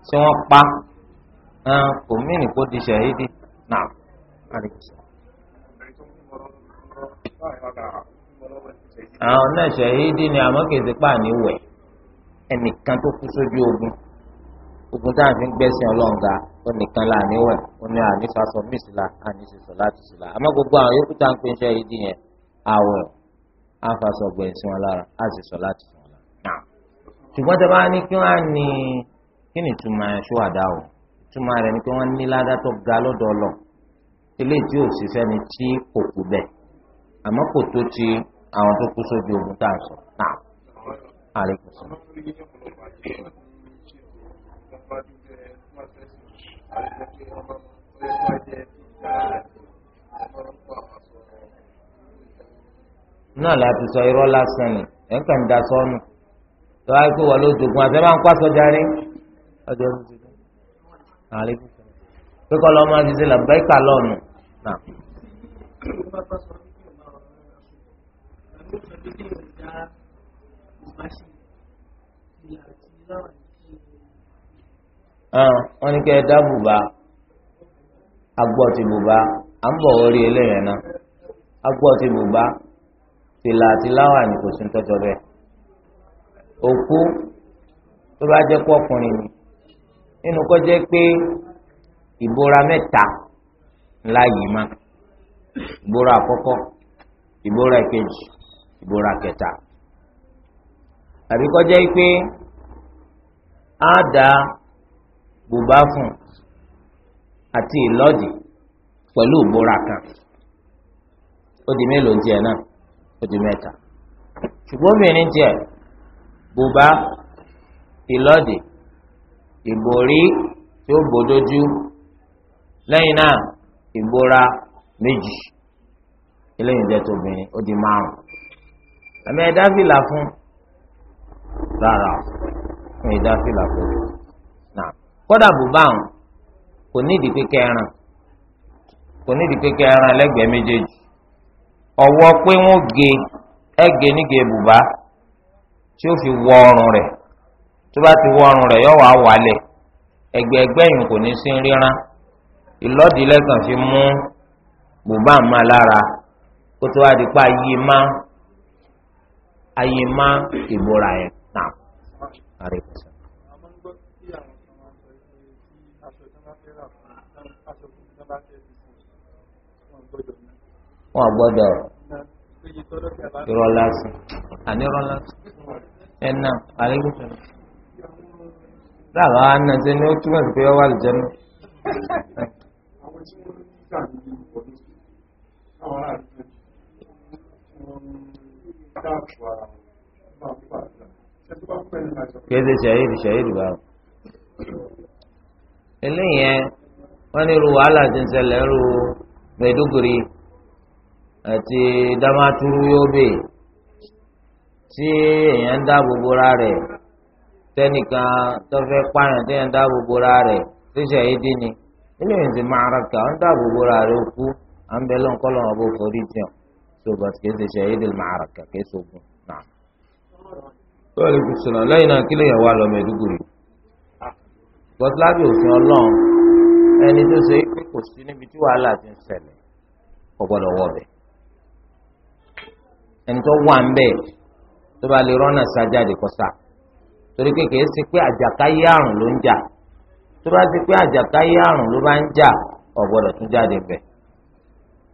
tí wọ́n pa kò míìnì kó di ṣàhídì náà àwọn náà ṣàhídì ni àmọ́ kìí ti pa àníwẹ̀ ẹnìkan tó kú sójú ogun ogun tá à ń fi gbẹ́sìn ọlọ́run ga ó nìkan là níwẹ̀ ó ní ànífàsọ mísìlá àníṣiṣọ láti ṣìlá àmọ́ gbogbo àwọn yòókù tá à ń pè ń ṣàhídì yẹn àwẹ̀ àfàsọ gbẹ̀sìn wọn lára àṣìṣọ láti ṣìlá. ṣùgbọ́n tẹ bá ní kí wọ́n á ní kí ni ìtumọ̀ ẹ̀ṣọ́ àdá o ìtumọ̀ rẹ̀ ni pé wọ́n ní ládàá tó ga lọ́dọ̀ ọlọ́ eléyìí tí ò sì fẹ́ni àmọ́ kò tó ti àwọn tó kú sójú ogun tá a sọ náà àlékún sọ. náà láti sọ irọ́ lásán ni ẹ̀ ń kàn dá sọ́nù tó wáá pé wọ́n ló àti ẹ máa ń kó aṣọ járe ọjọ́ ìlú ti dán àlékún sọ pé kọ́ lọ́ọ́ ti ṣe làbẹ́kà lọ́ọ̀nù náà. duk da duk da ya bashi ziyarci zawani wọ́n ní kẹ́ ẹ ti à ń bọ̀ orí eléyẹn náà agbọ́ ti tìlà kò sí ń tọ́jọ́ tó bá jẹ́ pọ́kùnrin ni nínú kọ́ jẹ́ pé ìbora mẹ́ta ńlá yìí má ìbora àkọ́kọ́ ìbora ìkejì bora kẹta àbí kọjá yìí pé á da bùbá fún àti ìlọ́dì pẹ̀lú bora kan ó di mélòó díẹ̀ náà ó di mẹ́ta ṣùgbọ́n obìnrin díẹ̀ bùbá ìlọ́dì ìbòrí tí ó bòdójú lẹ́yìn náà ìbora méjì eléyìí jẹ́ tóbìnrin ó di márùn ẹ̀mí ẹ̀dá fìlà fún rárá fún ẹ̀dá fìlà fún náà kódà bùbá àwọn kò nídìí kékeré ẹran kò nídìí kékeré ẹran lẹ́gbẹ̀ẹ́ méjèèjì ọ̀wọ́ pé wọ́n gé ẹ̀gẹ́ nígẹ̀ bùbá tí ó fi wọ ọrùn rẹ̀ tó bá ti wọ ọrùn rẹ̀ yóò wá wálẹ̀ ẹ̀gbẹ́ ẹ̀gbẹ́ yìí kò ní sí ríran ìlọ́dìlẹ́kàn fi mú bùbá àmà lára kó tó wá di ayé má ìbúra ẹ̀ náà. wọn gbọ́dọ̀ irọ́ lásán àní irọ́ lásán ẹ nà àlejò sọ̀rọ̀ dábàá àná ṣe ni ó túmọ̀ sí pé ó wà lìjẹ́ náà. Àwọn tí wọ́n ń gbà ní ìwọ̀n àwọn ará kí ẹsẹ ṣàyẹ̀dì ṣàyẹ̀dì bá wọn. eléyẹn wọn ní irú wàhálà ti ń ṣẹlẹ̀ irú Maiduguri àti Damaturu Yobe tí èèyàn ń dáàbò bora rẹ̀ tẹnìkan tó fẹ́ pààyàn tí èèyàn ń dáàbò bora rẹ̀ tó ṣàyẹ̀dì ni eléyìí ti máa ra kà ń dáàbò bora rẹ̀ òkú à ń bẹ lọ́nkọ́ lọ́wọ́ bó forí jẹun so but kì í ṣe ṣahid al-ma'araka kì í ṣe ogun náà. bọ́ọ̀lù kùsùnà lẹ́yìn náà kí lè yẹ wá lọ Maiduguri. gọ́sílábì òfin ọlọ́run ẹni tó ṣe é pé kò sí níbi tí wàhálà ti ń ṣẹlẹ̀ kò gbọ́dọ̀ wọ̀ bẹ̀. ẹni tó wà ń bẹ̀ tó bá lè rọ́nà sájáde kọ́sà torí pé kì ṣe pé àjàkáyé àrùn ló ń jà tó bá ṣe pé àjàkáyé àrùn ló bá ń jà ọ̀gbọ́dọ̀ tún jáde bẹ̀.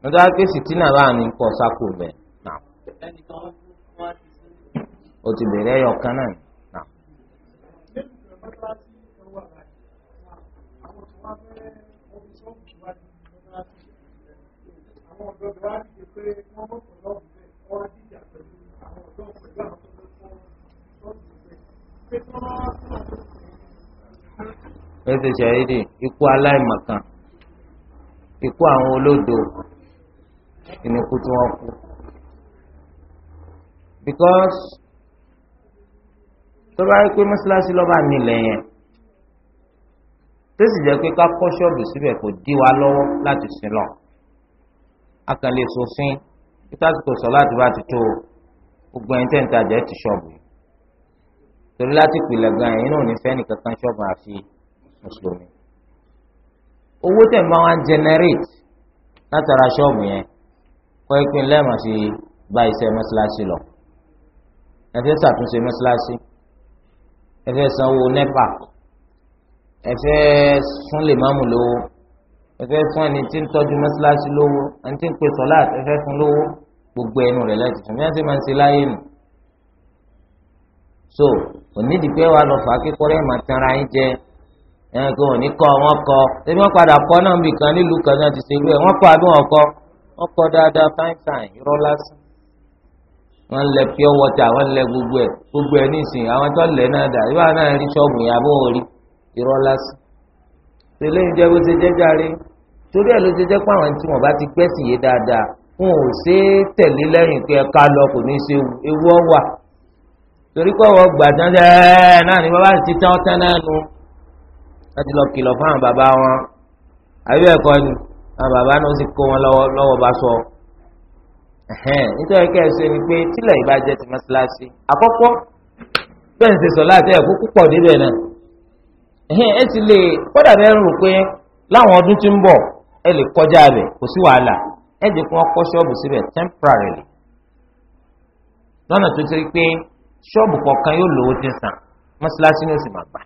wọ́n dáa pé fìtínà bá ní kọ́ sáko bẹ̀ náà. o ti bèrè ẹyọ kan náà. náà. ẹ ti ṣe àyè dì ikú aláìmọ̀kan ikú àwọn olódo. ìníkú tí wọ́n kú because tó bá rí pé mọ́ṣáláṣí lọ́ba nílẹ̀ yẹn tó sì jẹ́ pé ká kọ́ ṣọ́ọ̀bù síbẹ̀ kò dí wa lọ́wọ́ láti sin lọ a kàn lè sòfin títàsíkò sọ láti bá ti tó gbogbo ẹni tẹ́ǹtà jẹ́ ti ṣọ́ọ̀bù torí láti pìlẹ̀ gan ẹ̀yin náà ní fẹ́ẹ́nì kankan ṣọ́ọ̀bù àfi mùsùlùmí owó tẹ̀ máa ń generate látara ṣọ́ọ̀bù yẹn wọ́n yẹ pé lẹ́ẹ̀mà sí bá iṣẹ́ mọ́ṣáláṣí lọ ẹ fẹ́ ṣàtúnṣe mọ́ṣáláṣí ẹ fẹ́ sanwó nẹ́pà ẹ fẹ́ sún lè máàmù lówó ẹ fẹ́ fún ẹni tí ń tọ́jú mọ́ṣáláṣí lówó ẹni tí ń pe sọ́láàt ẹ fẹ́ fún lówó gbogbo ẹnu rẹ̀ láti fún mi láti máa ń ṣe láyé nù so onídìí pé wàá lọ fà á kíkọ́rẹ́ ẹ̀ máa tanra yín jẹ ẹnìkan ò ní kọ́ wọn kọ́ ẹbí wọn padà kọ́ náà bìkan nílùú kan náà ti ṣe gbé wọn kọ́ àdúrà ọkọ́ wọ́n kọ́ dáadáa fine fine irọ́ lásán wọ́n lẹ pure water wọ́n lẹ gbogbo ẹ̀ gbogbo ẹ̀ nísìnyí àwọn tó lẹ̀ náà dà ìwà náà rí ṣọ́ọ̀bù yẹn àbọ̀ orí irọ́ lásán tẹ́lẹ̀ ń jẹ́ bó ṣe jẹ́ jàre torí ẹ̀ ló ṣe jẹ́ pé àwọn tí wọ́n bá ti gbẹ́sìn yé dáadáa wọn ò ṣe é tẹ̀lé lẹ́yìn pé ẹ̀ka lọ kò ní ṣe ewu ọ̀wà torí pé ọ̀wọ́ gbàdán ẹ̀ náà ni bàbá ti tán tán náà nu láti lọ kìlọ̀ fún àwọn bàbá wọn àbí ẹ̀kọ́ ni àwọn bàbá náà sì kó wọn lọ́wọ́ bá sọ nítorí kẹ́sì ni pé tílẹ̀ ìbàjẹ́ ti mọ́sálásí àkọ́kọ́ bẹ́ẹ̀ ń ṣe sọ láti ẹ̀kú púpọ̀ débẹ̀ náà ẹ sì lè kọ́dà bẹ́ẹ̀ rò pé láwọn ọdún tí ń bọ̀ ẹ lè kọjá rẹ̀ kò sí wàhálà ẹ jẹ́ kí wọ́n kọ́ ṣọ́ọ̀bù síbẹ̀ temporarily lọ́nà tó ṣe pé ṣọ́ọ̀bù kọ̀ọ̀kan yóò lówó tí ń san mọ́sálásí ni ó sì máa gbà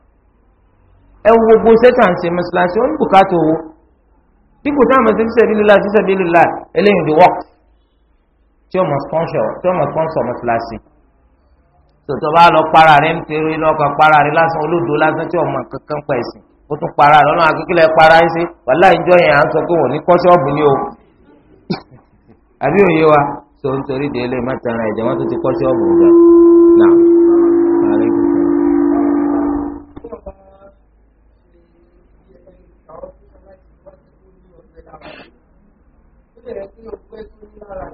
ẹ wo gbogbo sẹ́tà ń ṣe mọ́sálásí ó ní bùkátà owó dípò táwọn ṣe ń sabilillah sí sabilillah eléyìí di wọ́ọ̀kì tí ọmọ sponsor tí ọmọ sponsor ọmọ kíláàsì tòtò bá lọ para rẹ ń tẹ̀rù iná ọkọ̀ para rẹ lásán olódò lásán tí ọmọ kankan pa ẹ̀sìn ó tún para rẹ ọlọ́run akékeré para ẹ̀ sí wàhálà ìjọ yẹn à ń sọ pé wọ́n ní kọ́ ṣọ́ọ̀bù ni o [laughs] àbí òye wa tó ń torí délé má tẹ̀ràn ẹ̀jẹ̀ wọ́n tún ti kọ́ ṣọ́ọ̀bù rẹ̀ náà. bẹ̀rẹ̀ pé ọgbẹ́ tó ní lára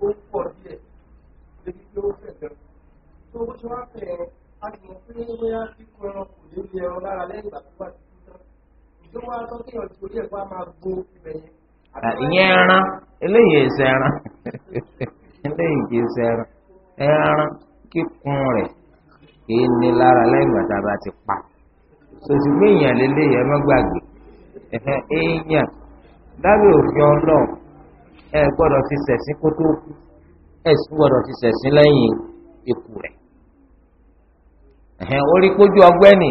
ó ń pọ̀ díẹ̀ débi pé ó fẹ̀ gan. tó bó ṣe wá fẹ̀ ẹ́ a sì mọ̀ pé bóyá kíkọ ẹran kò débi ẹran lára lẹ́yìn ìgbà tó bá ti kú tán. ìjọba sọ pé ọ̀dì orí ẹ̀ bá máa gbo ibẹ̀ yẹn. ìyẹn ẹran eléyìí ẹsẹ̀ ẹran [laughs] eléyìí kì ẹran ẹran kíkun rẹ̀ kì ní lára lẹ́yìn ìgbà tá a bá ti pa. sòtúgbé èèyàn lélẹ́yìn ẹ [laughs] lábẹ́ òfin ọlọ́ọ̀ ẹ gbọ́dọ̀ ti ṣẹ̀sìn kó tó kú ẹ sì gbọ́dọ̀ ti ṣẹ̀sìn lẹ́yìn ikú rẹ̀ ẹ̀hẹ́n orí pójú ọgbẹ́ni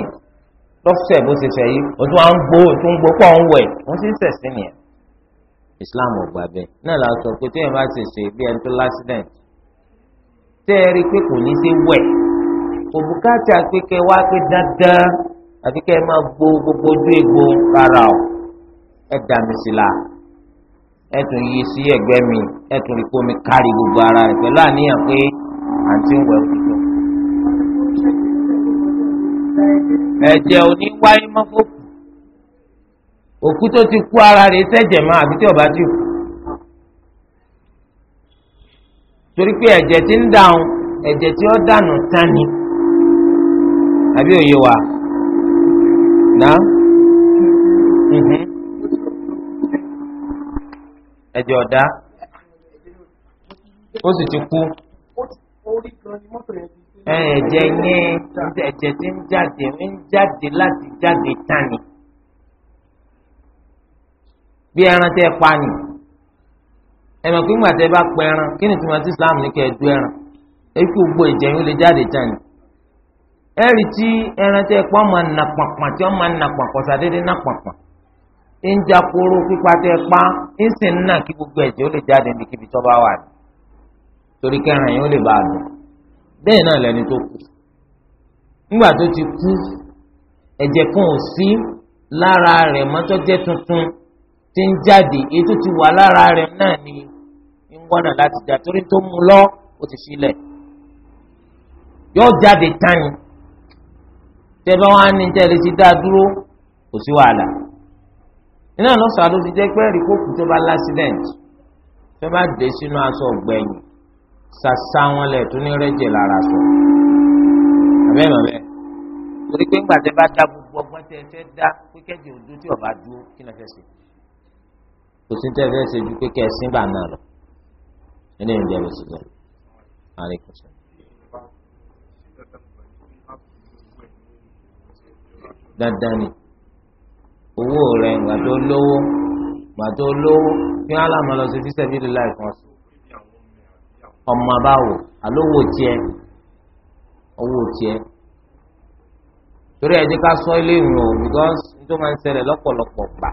lọ́fẹ̀ bó ti fẹ̀ yìí òtún à ń gbó òtún gbó pọ̀ ń wẹ̀ wọ́n ti ń ṣẹ̀sìn nìyẹn Islam ọgbà bẹ́ẹ̀ náà la sọ pé téèyàn bá ṣe ṣe bí ẹni tó lásìdẹ̀ǹt tẹ́ ẹ rí i pé kò ní í ṣe wẹ̀ òbúkátà pé wá pé dáadáa àbí máa gbó gbogbo ojú egbò rárá o. ẹ dàmì sí la ẹ sí mi ẹ tún rí kárí gbogbo ara rẹ̀ pẹ̀lú àníyàn pé àǹtí ń wẹ̀ kúkú. ẹ̀jẹ̀ ò wáyé mọ́ òkú tó ti kú ara rẹ̀ sẹ́jẹ̀ máa àbí tí ọba ti kú. torí pé ẹ̀jẹ̀ ti ń dànù ẹ̀jẹ̀ tí ó dànù tán ni àbí òye ẹ̀jẹ̀ ọ̀dá ó sì ti kú ẹ̀jẹ̀ yẹn ẹ̀jẹ̀ tí ń jáde ń jáde láti jáde tani bí ẹran tẹ pa ni ẹ̀mọ̀ pé ńgbà tẹ bá pẹ ẹran kí ni tìmọ̀ tí Islam ní kẹ́ ẹ du ẹran èyí gbogbo ẹ̀jẹ̀ yẹn ó lè jáde tani ẹ̀rí tí ẹran tẹ pa ọmọ nàpàpà tí ọmọ nàpàpà kọ̀sádédé nàpàpà. ń jakoro pípa tẹ pa ń sì ń kí gbogbo ẹ̀jẹ̀ ó lè jáde níbikíbi tó bá wà ní torí kẹrin yẹn ó lè lẹni tó kù nígbà ti kú ẹ̀jẹ̀ kan ò sí lára rẹ̀ tuntun ti ń jáde ti wà lára rẹ̀ náà ni ń láti jà torí tó mú lọ ó ti filẹ̀ yóò jáde tán ni tẹ́ bá wá ní ti dá iná lọ́sàá ló ti jẹ́ pé ẹ̀rí kókù tó bá lásìdẹ̀ǹt tó bá dé sínú aṣọ ọ̀gbẹ́yìn ṣàṣà wọn lẹ̀ tó ní rẹ́jẹ̀ lára sọ. àbẹ́rẹ́ ọ̀rẹ́ torí pé ńgbà tẹ bá dá gbogbo ọgbọ́n tẹ fẹ́ dá pé kẹ́jì ojú tí ọba dúró kí lè fẹ́ ṣe. kò sí tẹ́ fẹ́ ṣe ju pé kẹ́ ẹ sín bà náà lọ. ẹni ìrìn jẹ́ lọ́sọ̀ dandan ni owó rẹ̀ ìgbà tó lówó ìgbà tó lówó kí wọn làmọ lọ sí fíṣẹ bíi láì fún ọsùn ọmọ báwo àlówó tiẹ̀ owó tiẹ̀ torí ẹ jẹ́ ká sọ ilé ìrùn o because n tó máa ń ṣẹlẹ̀ lọ́pọ̀lọpọ̀ gbà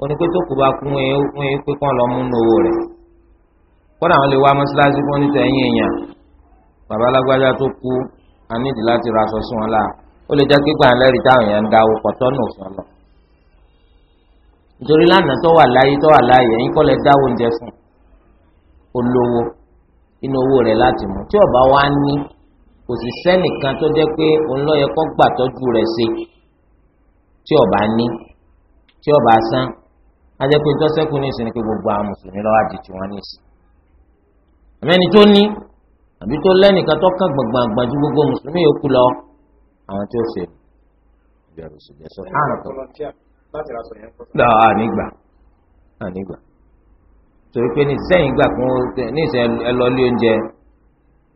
ó ní pé tó kù bá kún ẹ kún ẹ pé kán lọ mú owó rẹ̀ kódà àwọn lè wá mọ́ṣáláṣí fún nítorí ẹ̀yìn èèyàn bàbá tó kú a nídìí láti ra aṣọ sí wọn láà ó lè jẹ́ kíkọ́ àlẹ́ rí táwọn èèyàn ń dáwó pọ̀tọ́nù fún ọ lọ nítorí lánàá tó wà láyé tó wà láyé ẹ̀yin kọ́ lẹ dáwọ́ oúnjẹ fún olówó inú owó rẹ̀ láti mú tí ọba wa ní kò sì sẹ́nìkan tó jẹ́ pé òun lọ́yẹ kọ́ gbàtọ́jú rẹ̀ ṣe tí ọba ní tí ọba san á jẹ́ pé tọ́sẹ́kù ní ìsìn ni pé gbogbo àwọn mùsùlùmí lọ́wọ́ àti tiwọn ní ìsìn àmẹ́ni tó ní àbí tó lẹ́nìkan tó kàn gbàngbàngbà ju gbogbo mùsùlùmí yòókù lọ àwọn tí ó ṣe ìbẹ̀rù ṣùgbọ́n sọ kan láti ra sọ yẹn kọ́. lọ ànígbà ànígbà torí pé ní sẹ́yìn gbà kún ní ìsẹ̀ ẹ lọ lé oúnjẹ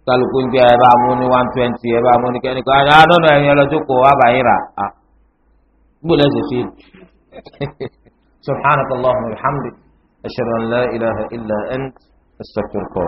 kálukú ń gbé ẹ bá mú ní one twenty ẹ bá mú ní kẹ́ni kan á ah, nọ́nà ẹ̀yìn ọlọ́dúnkọ̀ àbáyín rà á gbọ́dọ̀ lẹ́sẹ̀ fi [laughs] subhanakallahumma wa bihamdik ashhadu an la ilaha illa ant astaghfiruka.